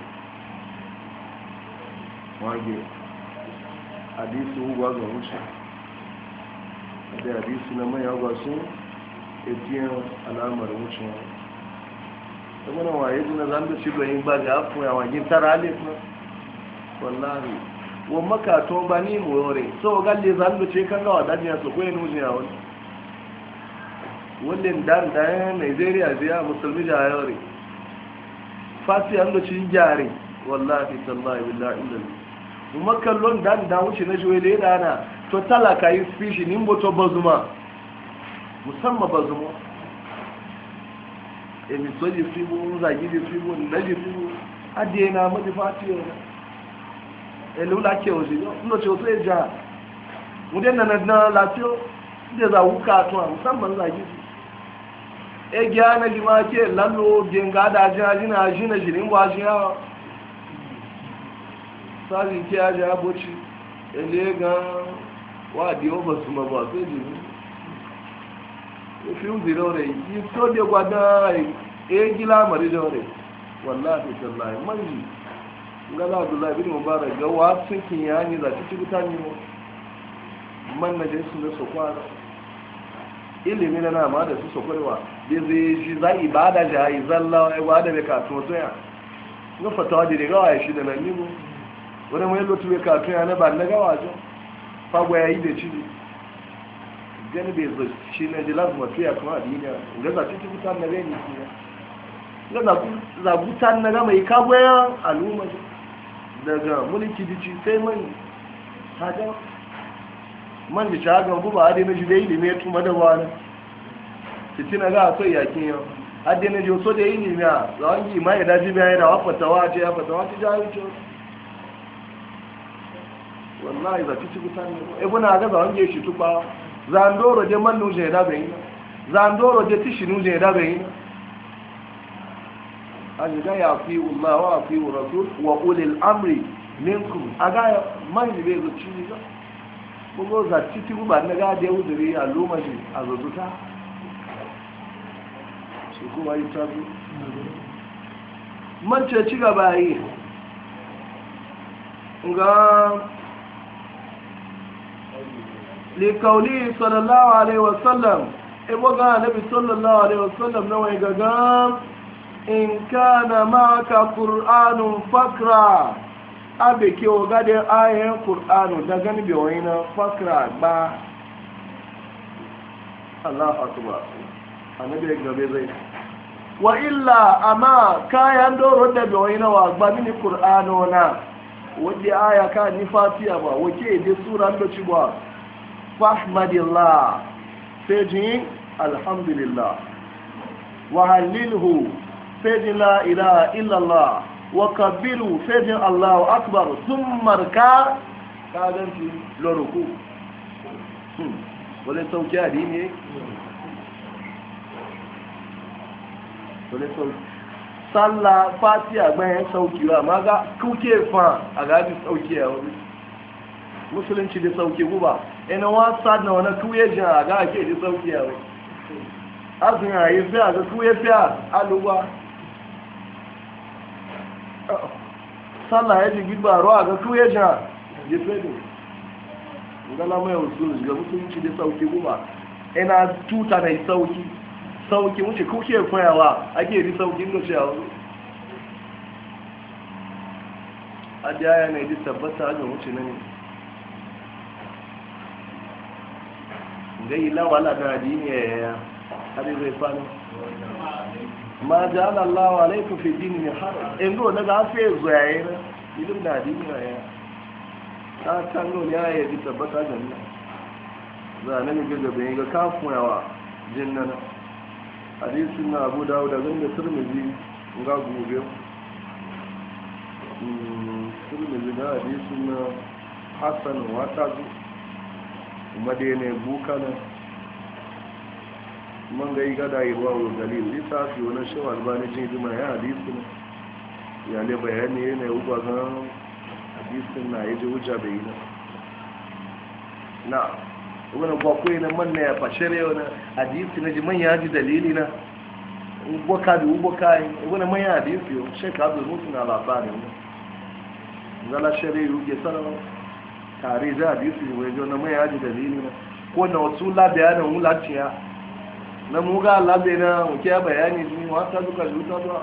S1: wage hadisi hugwa ga wuce da hadisi na mai agwasun etiyan alamar wucewa mana waye jina zan da shigo yin ba ga afu wani tara ne fa wallahi wa maka to ba ni mu yore so galle zan da ce kan ga wadan ya so koyi nuje ya wani wannan dan da Nigeria zai musulmi da yore fasi an da ci gyare wallahi tallahi billahi Mu maka lon dan da wuce na joye da dana to talaka yi fishi nimbo to bazuma musamman bazuma emiso jifibu zagi jifibu nne jifibu adịghị na amụ jifa e la ke ele ụlọ aka ozi nnochi otu eji a ndị nna na dina latio ndị za wuka atụ a musamman zagi ji egi a na jima ke lalo oge nga ada a aji na aji na jiri ngwa aji ha sari ke aji abochi ele ga wa e e di obasu ma ba so jiri fiuzi dore yi to de gwada e gila mari dore wallahi tallahi manji ngala abdullahi bin mubarak ga wa cikin yani da cikin tani mu man na jesu ne so kwara ilimi na ma da su so kwarwa da zai shi za ibada da yi zalla ibada da ka to to ya ga fatawa da daga wa shi da nan ni mu wani mai lotu ka to ya na ba na wa jo fagwa yi da ciki gani bai zo shi ne jilas mafi ya kuma adini ga za ci tukuta na bai ne ga za ku zabuta na gama yi kagoyan al'umma daga mulki dici sai man hajar man da shagan guba adi na shi bai ilimi ya tuma da wani titi na ga a so yakin yau adi na jo so da ilimi a za gi ma ya daji biya yana wa fatawa ce ya fatawa ce jari ce wallahi za ci tukuta na ebe na ga zawon gi shi tuba zandoro je mallu je da bai zandoro je tishinu je da bai an ga ya fi Allah wa fi rasul wa ulil amri minkum aga mai ne be zuci ni ba kuma za titi ti ba na ga da uzuri a loma shi a zuzuta su kuma yi tabi man ce ci gaba yi ga likauli sallallahu alaihi wasallam ibo ga nabi sallallahu alaihi wasallam na wai gaga in kana ma'aka qur'anun fakra abe ke o ga de ayen qur'anu da gani be wayna fakra ba Allahu akbar annabi ga gabe zai wa illa amma kayan doro da be wayna wa gba mini qur'anu na wadda aya ka ni fatiya ba wace de sura ndo ci ba fahmadillah fejin alhamdulillah wa halilhu fejin la ilaha illallah wa kabiru fejin allahu akbar sun marka loruku hmm. wale sauki a wale sauki sauki ba ma ga kuke fa a gaji sauki musulunci da sauki guba ina wasa na wani kuye jin a ga ake da sauki a wai azun a yi fiya ga kuye fiya a aluwa oh. sallah ya ji gidba a ga kuye jin a ji fedo gala mai usul ga musulunci da sauki guba ina tuta mai sauki sauki wuce kuke koyawa ake da sauki da cewa a jaya na yi tabbata ga wuce na ne gai lawa na da dini eh, ya hari zai fani
S2: ma ji ala
S1: lawa alaikum fi dini ne har in eh, na ga fi zo ya yi ilim da dini ya ta tango ne ya yi tabbata da nan za na ga ga yi ga kafin yawa jinnan hadisin na abu dawo da zan da turmizi ga gobe hmm, turmizi na hadisin na hassan wata zuwa madene bukana man ga iga da yi wa galil littafi wani shawa albani jin jima ya hadisi ne ya le bayani ya ne uba ga hadisi na ya ji wuja bai na na wani kwakwai na man na ya fashe ne wani hadisi na ji man ya ji dalili na ugboka da ugboka yi wani man ya hadisi yau shekaru mutu na labarin zala shari'a yi uge sarawa tare za a bisu ne wajen na mai yaji dalili na kowane wasu labiyanin wulaciya na muga labe na muke bayani su ne wata duka juta zuwa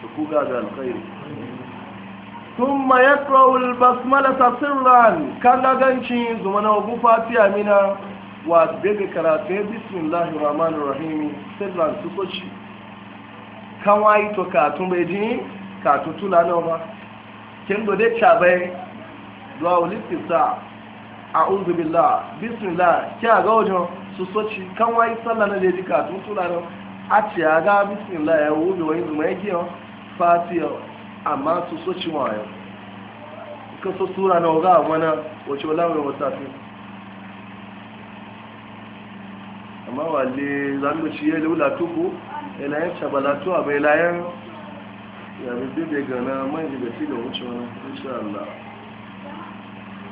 S1: su kuga da alkhairu tun ma ya kawul basmala ta sirran kallaganci zuma na wabu fati amina wa bebe karatu ya bisun lahi ramanu rahimi sirran su soci kawai to katun bai ji katun tunanawa ba kin gode cabai du'a ulistifta a'udhu billah bismillah a ga wajen su soci kan wai sallah na da dika tun tulano a ce ya ga bismillah ya wuce wani zuma yake fatiha amma su soci wayo ka so sura na ga mana wace wala wani wata fi amma wale zamu ci yele wala tuku ila yin shabalatu a bai layan ya bibbe ga na mai da ci da wucewa insha Allah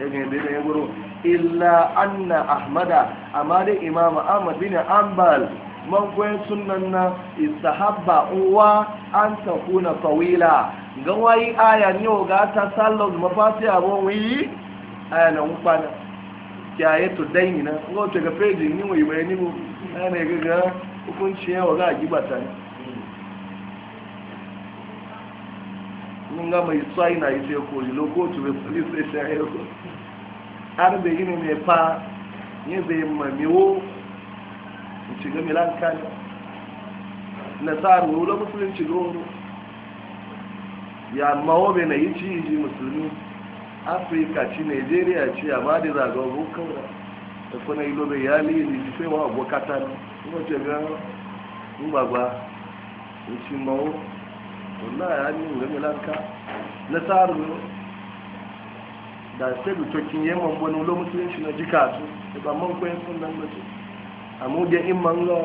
S1: daga yadda da ya guro illa anna ahmada amma dai imam ahmad bin ambal man koyan sunan na istahabba uwa an ta kuna tawila ga wayi aya ne o ga ta sallo mafasi abon wuyi aya na na kyaye to daini na ngo to ga page ni wuyi bayani mu ana ga ga hukunci ya wa ga gibata ne nga mai tsayi na ise koyi lokotu mai police station ya ko an bai gini mai fa ne bai mamiwo ci ga milan kan na tsari wula musulunci goro ya mawo bai na yi ci yi musulmi afirka ci nigeria ci amma da zagawa kawai da kuna yi lobe ya liyi ne sai wa abokata ne kuma ce gbagba ngbagba ci mawo wallahi ya min ga milanka na tsarin da sai bitokin yamman wani lo musulunci na jika su da ba man kwayan sun nan da su a mugen in man ga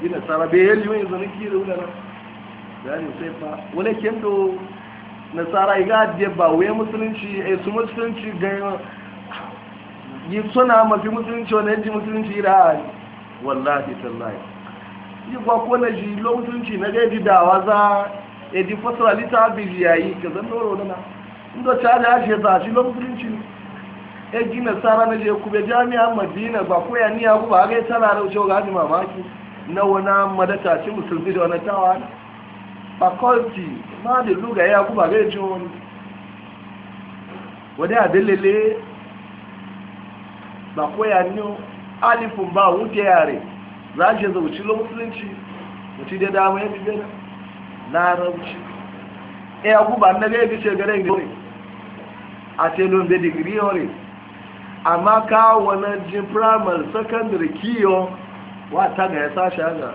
S1: gina tsara bai yi yiwu yanzu niki da wudana da ne sai fa wani kendo na tsara iga adiye ba wuya musulunci a eh, su musulunci ga yi suna mafi musulunci wani yanzu musulunci da wallahi tallahi ji kwa kona ji lautunci na gaji dawa za ya e ji yayi ka zan doro nana inda ta da shi za shi lautunci ya e gina tsara na je kube jami'a madina ba ko ya niya ku ba ga ya tsara da wucewa ga mamaki na wani madata ce musulmi da wani tawa faculty ma da ba e wani alifin ba yare za e, a je zauci lo musulunci mutu da dama ya bibe na e na gaya bice gare ne a ce digiri yore amma ka wani ji primar secondary kiyo wa ta ga ya sashi hana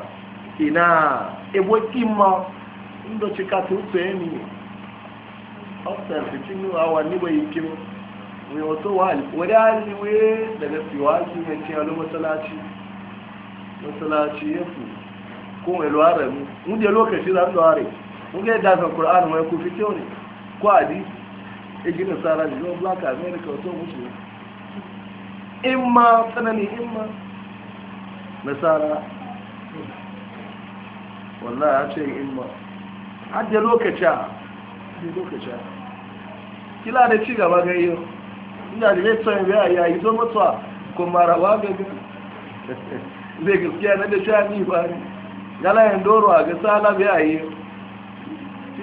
S1: ina ebo kima inda ya ni ofisar fitin awanni bai yi mai wato wa daga su masallaci ya fi kun ilware mu mun lokaci za mu ware ga yadda kan qur'ani mai ku kyau ne ko adi e gina sara black america wato musu imma tsanani imma nasara wallahi ya ce imma har lokaci a lokaci kila da ci gaba ga yau ina da zai tsaye ya yi zo kuma rawa ga zai gaskiya na da sha ni ba ne galayen doro a gasa sala bai a yi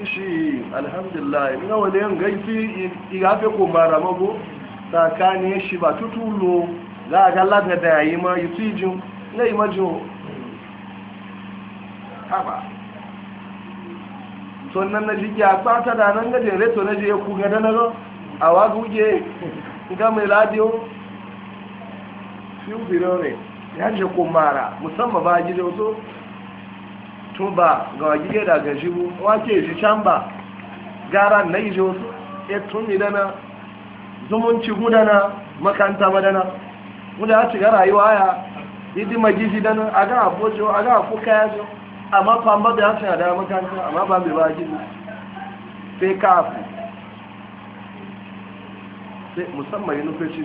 S1: shi alhamdulillah ina wani yin gaifi igafe ko mara mago tsakanin shi ba tutulo za a ga ta da yi ma yi tijin na majo haba sannan na jiki a kwata da nan gajin reto na je ku gada na zo a wagu ge ga mai ladiyo na ne yanzu ko mara musamman ba gida wato to ba ga gida da ga jibu wake shi can ba gara na yi jiwo ya tuni dana zumunci gudana makanta madana wadda ya shiga rayuwa ya idi magiji dana a ga abojo a ga afuka ya zo amma mafa da ya shiga da makanta amma ba mai ba gida sai kafu sai musamman yi nufin shi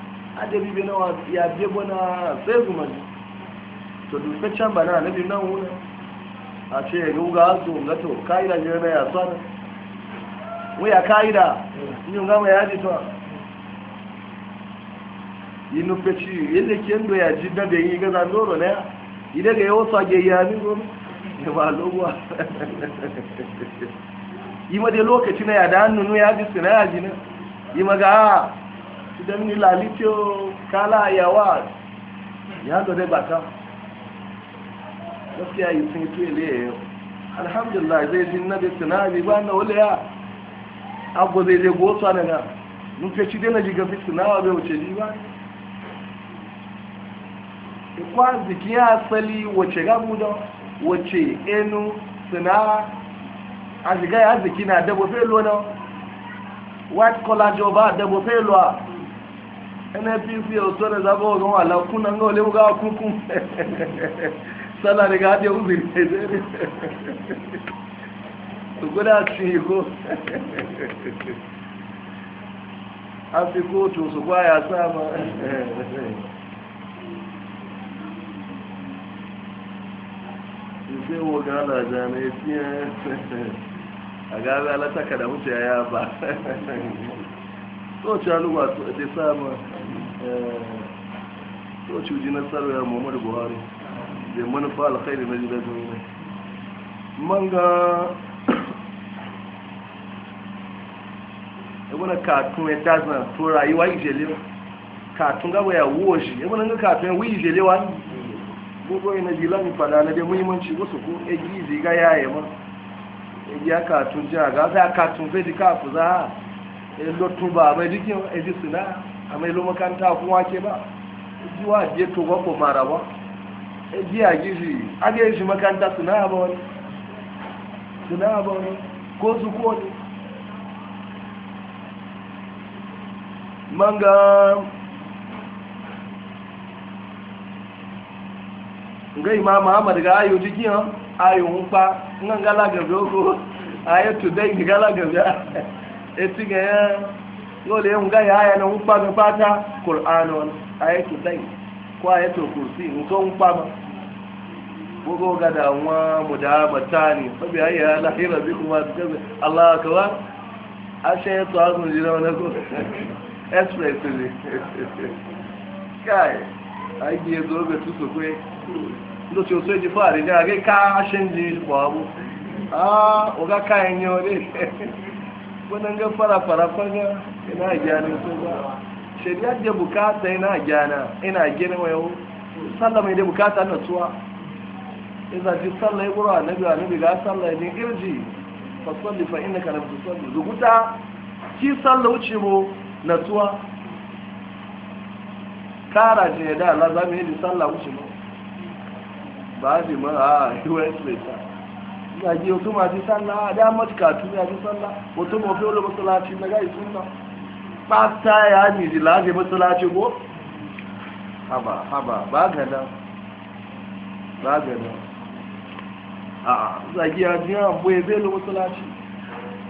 S1: adabi bi na ya je bona sai kuma to duk can bana na bi nan wuna a ce ya ga to ga to kaida da na ya san mu ya kaida ni ga mai ya to to yinu peci yende kendo ya ji da yi ga zan doro ne ide ga yawo sage ya ni go ne ba logwa yi ma dai lokaci na ya da hannu ya ji sina ya ji na yi ma ga ah, idan ni lalito kala yawa ya zo dai baka gaskiya yi sun tuye ne ya yau alhamdulillah zai jin na bai tunani ba na wale ya abu zai zai gosa da na nufe ci dai na jiga fi tunawa bai wuce ji ba ikwa ziki ya asali wace gabu da wace enu suna a shiga ya ziki na dabo felo na white collar job ba dabo felo a nnpc otu na zaba ogon wala kuna nga ole muga kuku salari ga adi uziri ezere tukuda tiko afi kotu su kwaya sama sai wo gana da na etinye a gabi alataka da mutu ya yaba so ci alugwa da to eh. cuji nasarar ya muhammadu buhari da manufa alkhairi na jida duniya Manga, ga ebuna katun ya zina to rayuwa ijele katun gaba ya wuwa shi ebuna ga katun ya wuyi ijele wa gbogbo ina jila mi fada na da muhimmanci wasu ko egi ziga ya yi ma egi ya katun jiya za a katun fedi kafu za a elotun ba mai jikin edi sinara amelo makanta kun wake ba zuwa je to ko mara e jiya gizi age shi makanta suna ba wani suna ba wani ko su ko ne manga nga imama ahmad ga ayo jikiya ayo npa nga ngala gabe ogo ayo today ngala gabe etiga ya yau da yin gaya ya na hukpa ga fata ƙul'anon ayatul dai ko ayatul kursi nkan hukpa ba bugu ga damuwa mu da bata ne sabi hayya lahira bi kuma su kaza allah akawa a shi ya tsawa sun jina wani ko express ne kai aiki ya zo ga tuso kwe ndo ti o so fari ne a ga ka ṣe ń di ipò abu ah oga ka ẹ̀yìn ọdẹ wani ga fara-fara faga ina gyanin su ba shari'ar da bukata ina gyana ina gina wa yau sallah mai da bukata na tuwa iza ji sallah ya buru annabi annabi ga sallah ne irji fa salli fa innaka lam tusalli ki sallah wuce mu na tuwa kara je da Allah mu yi sallah wuce mu ba bi ma a yi wani yàgbé òtún máa ti sálá adé amọ́tìkà tún ní adé sálá òtún mọ̀ fẹ́ olóòmọ sọlá ti mẹ́gá ìtúnná pátá yà ní ìdìlá àti ẹmọ sọlá haba haba ba gada ba gada a zagi a jiya abu ya bai lo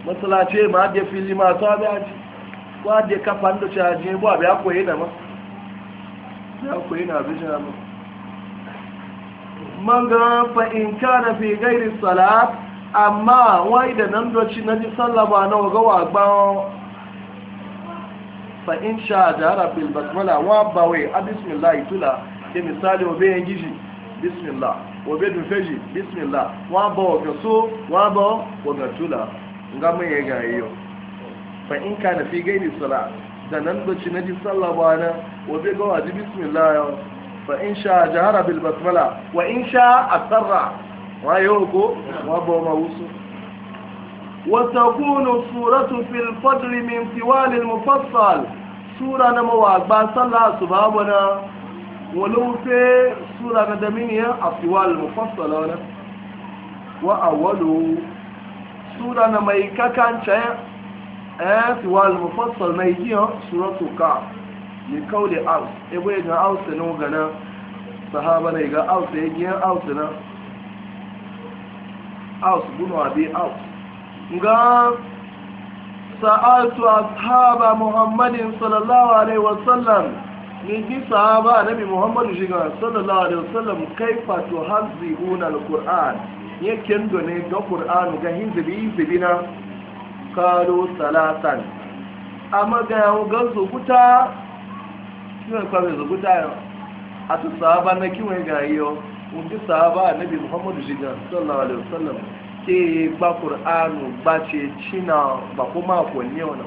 S1: masalaci ma da fili ma ta bi aji ko da kafa da ci aji ba bai koyi da ma ya koyi na bi jama man ga fa in kana fi ghairi salat amma wai da nan doci na ji sallah ba na ga wa gba fa in sha jara fil basmala wa ba wai a bismillah tula ke misali wa bayan gizi, bismillah wa be dun feji bismillah wa ba wa gaso wa ba wa gatula ga mai ya ga yo fa in kana fi ghairi salat da nan doci na ji sallah na wa gawa ji wa yau." فإن شاء جهر بالبسملة وإن شاء أسرع ويوكو وابو موسو وتكون الصورة في الفجر من طوال المفصل سورة نموا أكبر صلى الله سبحانه ولو في سورة قدمينية الطوال المفصل وأوله سورة نميكا كان شيء إيه؟ طوال المفصل ميجيه سورة كعب ni kauli aus E, ebe ga aus ga gana sahaba ne ga aus e giyan aus na aus bunu abi aus ga sa'altu ashaba muhammadin sallallahu alaihi wa sallam ni ji sahaba nabi muhammad shiga sallallahu alaihi wa wasallam kaifa tuhazzihuna alquran yake kendo ne ga qur'an ga bi bibina kalu salatan amma ga yawo gansu kuta kiwon kwamin zubuta a su sahaba na kiwon gayiyo wunji sahaba a nabi muhammadu jigan sallallahu alaihi wasallam ke gba kur'anu ba ce cina ba kuma kwanne wani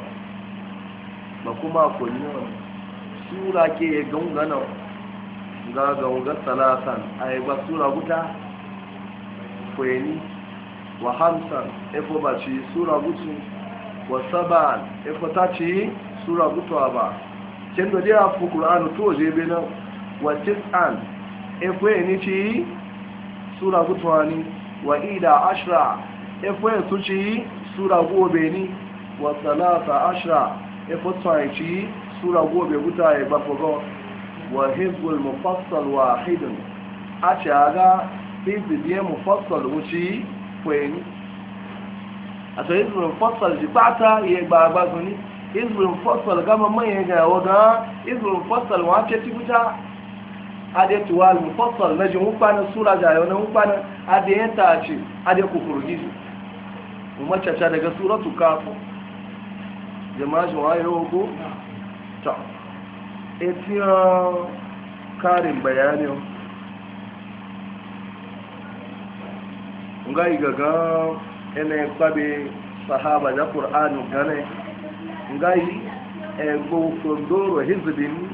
S1: ba kuma kwanne wani sura ke gangana ga gauga salatan a yi ba sura guta kweni wa hamsan efo ba ci sura gutu wa saba efo ta ci sura gutu ba kin da dia fu qur'anu to je be na wa tis'an e fu ni ci sura gutwani wa ida ashra e fu su ci sura gobe ni wa salasa ashra e fu tsai ci sura gobe guta e ba ko wa hizbul mufassal wahidun a ci aga hizbi ya mufassal wuci fu e ni a to hizbul mufassal ji bata ye ba ba ni izbin fasal gama manyan gawa ga izbin fasal wa ce ti fita adetuwa mufassal na jin hufanin sura ga yau na hufanin adeyanta ce adeku kurgizu umarcaca daga suratu kafu jama'a shi waye hoko ta etiyan uh, karin bayanin ga igaga yanayin kwabe sahaba na ƙur'anu ganai ngai ego sondoro hizbin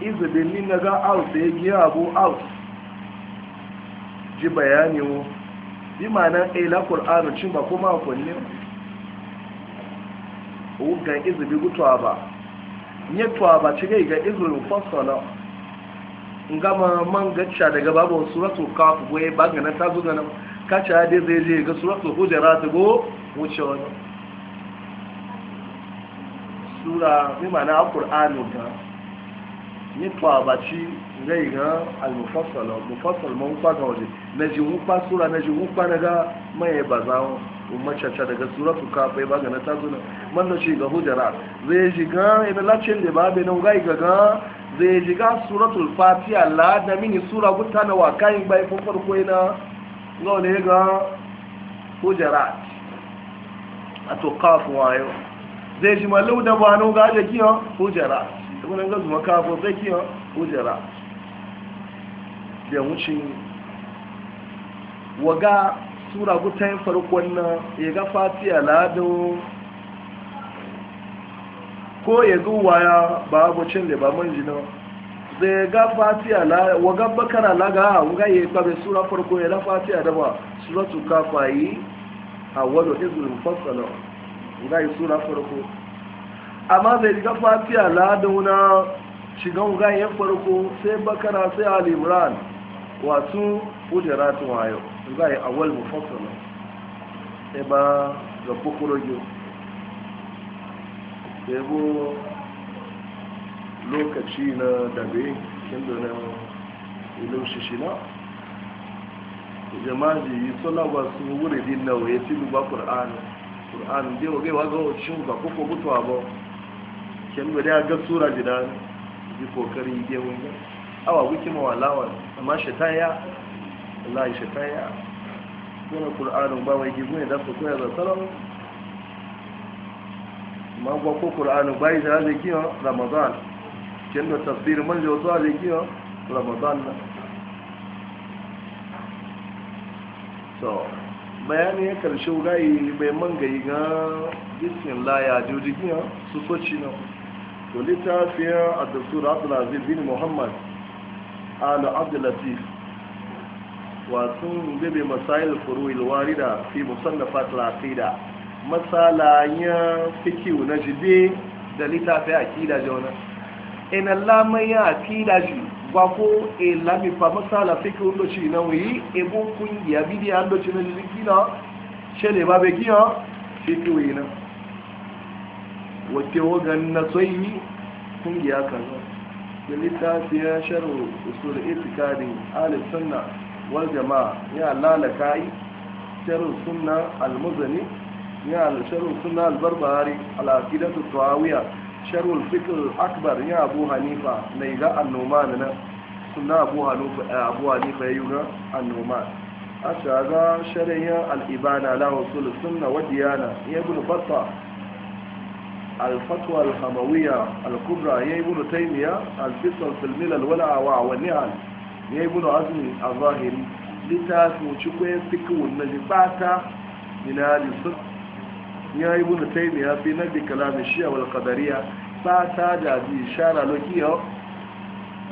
S1: izbin ni naga out ya giya abu out ji bayani wo bi ma'anar ila qur'anu cin ba kuma kunne o ga izbi gutwa ba nye twa ba ci ga izbi fassala ngama man gacca daga babu Suratu kaf goye ba ga na zo ga kacha dai zai je ga Suratu hujurat go wuce wani sura bi mana a ƙur'anu ta ni twabaci zai ga al-mufassal mufassal mun kwaga waje na ji mun kwa sura na ji mun kwa daga mai bazawo umma caca daga suratu kafai ba ga na tazuna man da shi ga hujara zai ji ga ina lacin da ba bai nan gai ga ga zai ji ga suratul fatiha la da mini sura gutta na wakai bai fun farko ina ga ne ga hujara a to kafu wayo zai ji mallu da banu ga da kiyo hujara kuma ga zuma kafo sai kiyo hujara da wuce waga sura gutan farkon na ya ga fatiya lado ko ya ga waya babu cin da ba ji na zai ga fatiya la waga bakara laga waga ya kwabe sura farko ya la fatiya da ba suratu kafayi a wadda izinin fassalawa ga yi sura farko amma bai riga fatiha laduna shigan ganyen farko sai bakara sai al'imran wasu hujjaratun wayo ga yi awal mufassala sai ba ga kukurojo sai bu lokaci na dabe kinda na ilin shishina jama'a da yi tsallon wasu wuridin na waye tilu ba ƙur'ani ƙur'an zai wagai wa shi ba koko kuka mutuwa ba kyan da ya ga sura jida ji kokari zai wani awa wiki ma walawa amma shataya wallahi shataya Kuna ƙur'anin ba wai gizo ne da su koya da tsaro? amma gwa ko ba yi da zai kiyo ramadan ke da tafsir man wasu zai kiyo ramadan na so bayanin ya karshe gayi mai mangayi gayi ga laya laya jirgin su soci na tolita fiye a dastur abdulaziz bin muhammad ala abdulatif wasu gabe masayil furu da fi masala ya fi kiwu na jide da littafi akida jona in mai ya akida shi ba ko e lami fa masala fiki undo shi na wi e bu bi bidi ando ci na liki na shele ba be shi fiki yi na wace gan na soyi ka zo lita littafi ya sharu usul itikadi alif sunna wal jama'a ya kai sharu sunna al-muzani ya sharu sunna al barbari ala aqidatu tawawiyah sharul fikil akbar ya abu hanifa na iga annoma na nan suna eh, abu hanifa ya yi na annoma a shaga shari'a al'ibana lahun sulu suna wadiyana ya gudu fata alfatwa alhamawiya alkubra ya yi gudu taimiya alfisar filmil alwalawa wa ni'al ya yi gudu azumi a zahiri littafin cikin fikil na jifata minali sun. ya yi ta yi taimi ya fi bi kalamin shiya wal kadariya ba ta da bi shara lokiyo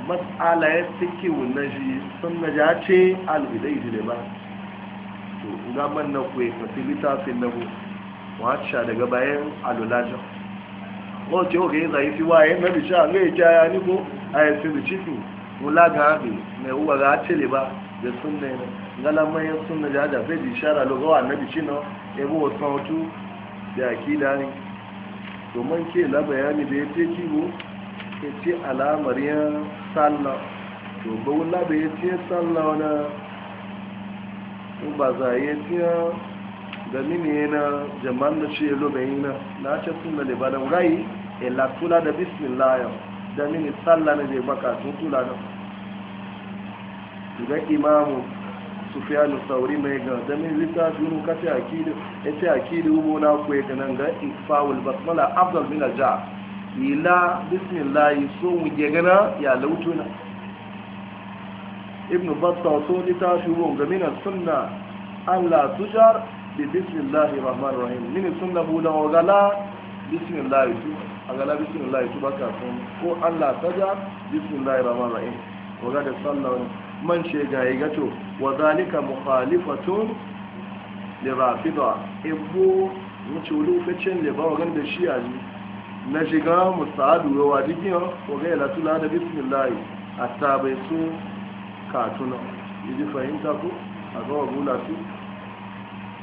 S1: matsala ya tsiki wunan shi sun na ja ce alwidai shi da ba to gaban na kwe fasilita fi na bu wacce daga bayan alulajan wọ́n tí ó kèé zàyí fi wáyé mẹ́bí ṣáà ní ìjẹ́ ayá nígbó àyẹ̀fẹ́ lè chífù mú lágàáàbì na ìwúwà rà tẹ́lẹ̀ bá da sunna galamai sunna da da bi shara lokawa annabi shino ebo san otu da akida ne domin ke la bayani da kiwo kibo ce alamar yin sallah to ba wala da yace sallah tsalla wani ba za yace da mini na jaman da ce lo bayina na ce sun da libanin rai illa tula da bismillah da mini sallah ne baka tula da ga imamu sufiyanu sauri mai ga damin littafi mu kace akidi yace akidi mu na ku ga nan ga ifawul basmala afdal min alja ila bismillah so mu je gana ya lautuna ibnu battah so littafi mu ga min sunna an la tujar bi bismillah rahman rahim min sunna bu da ogala bismillah tu agala bismillah ka sun ko Allah tajar bismillah rahman rahim oga da man ce yi gato wa zalika mukhalifatun lirafida ebo wuce wuri ukacin da ba wagan ganda shi a ali na shiga musa'adu wa jikin wagan yana tula da bismillahi a tabai su katuna yi fahimta ku? a zama gula su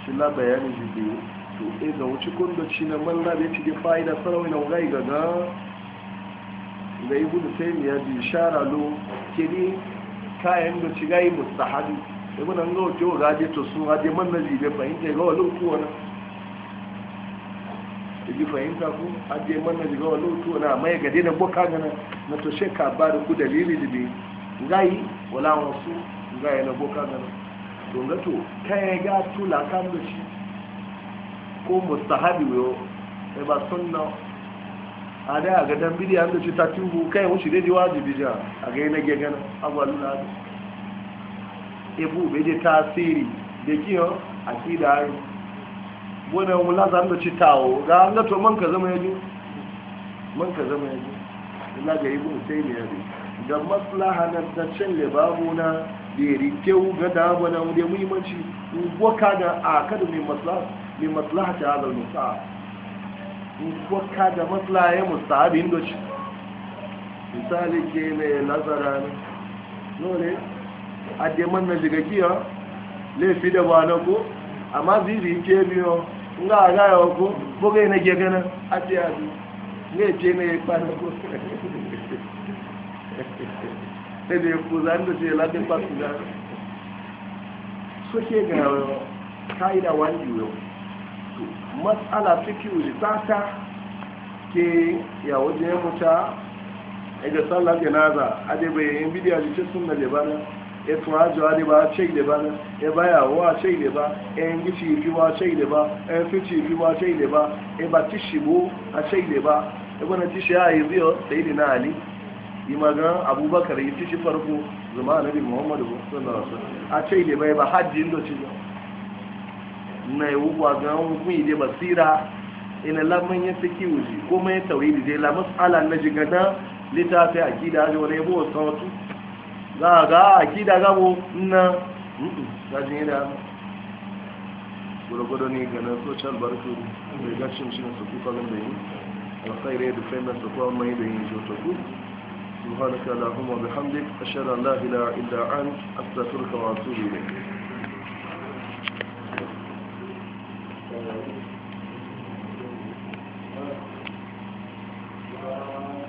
S1: shi la bayanin jibiyu to e ga wuce kundoci na man na bai cike fa'ida sarawai na wuga ga ga ga yi gudu sai ya bi shara lo kiri kayan da shiga yi mustahabi da muna ga wace wa gaje to sun gaje manna na fahimta ga wani uku wani da ji fahimta ku aje manna na wani uku wani amma ya gade na boka gana na to shekka ba da ku dalili da bai gayi wala wasu gayi na boka gana to ga to kayan ga tula kan da shi ko mustahabi yau e ba sunna a da a ga dan bidiya da ci ta tubu kai wuce dai wajibi ja a ga yana gegan abuwan na da ebu bai je tasiri da kiyo akida ai wani wala zan da ci tawo ga an ga to man ka zama ya man ka zama yaji ina ga bin sai ne yaji da maslaha na da cin na da rikewu ga da bana da muhimmanci ko ka a kada mai maslaha ta halar hadal wakka da maslaye musabin doci misali ke mai lazara ne nore ademan na jigagiya laifi da ba na ko amma zizi ke biyo nga a gaya ko buga na gegana a ce a bi ne ce na ya kwana ko ne da ya kuza da ce lafin fasu da so ke ga ka'ida wani yiwu matsala fiki wujitata ke ya waje ya muta ga tsallar janaza ade bai yin bidiyar jice sun da na ya tuwa jiwa da ba ce da ba ya baya wa ce da ba ya yin gici fi wa ce da ba ya fi ci fi wa ce da ba ya ba ti bu a ce da ba ya bana ti ya yi biyo da yi na ali yi magan abubakar yi ti shi farko zama bi muhammadu sallallahu alaihi wasallam a ce da ba ba hajji inda ci na yi wugwa ga hukun ide basira ina lamun ya fi kiwuji ko mai da zai lamun ala na jigada a akida da wani yabo wasu wasu za a ga akida gabo na gajin yada gwargwado ne ga nan social da mai gashin shi na su kuka da yi alkhairai da fai na su kuwa mai da yi
S2: Thank you.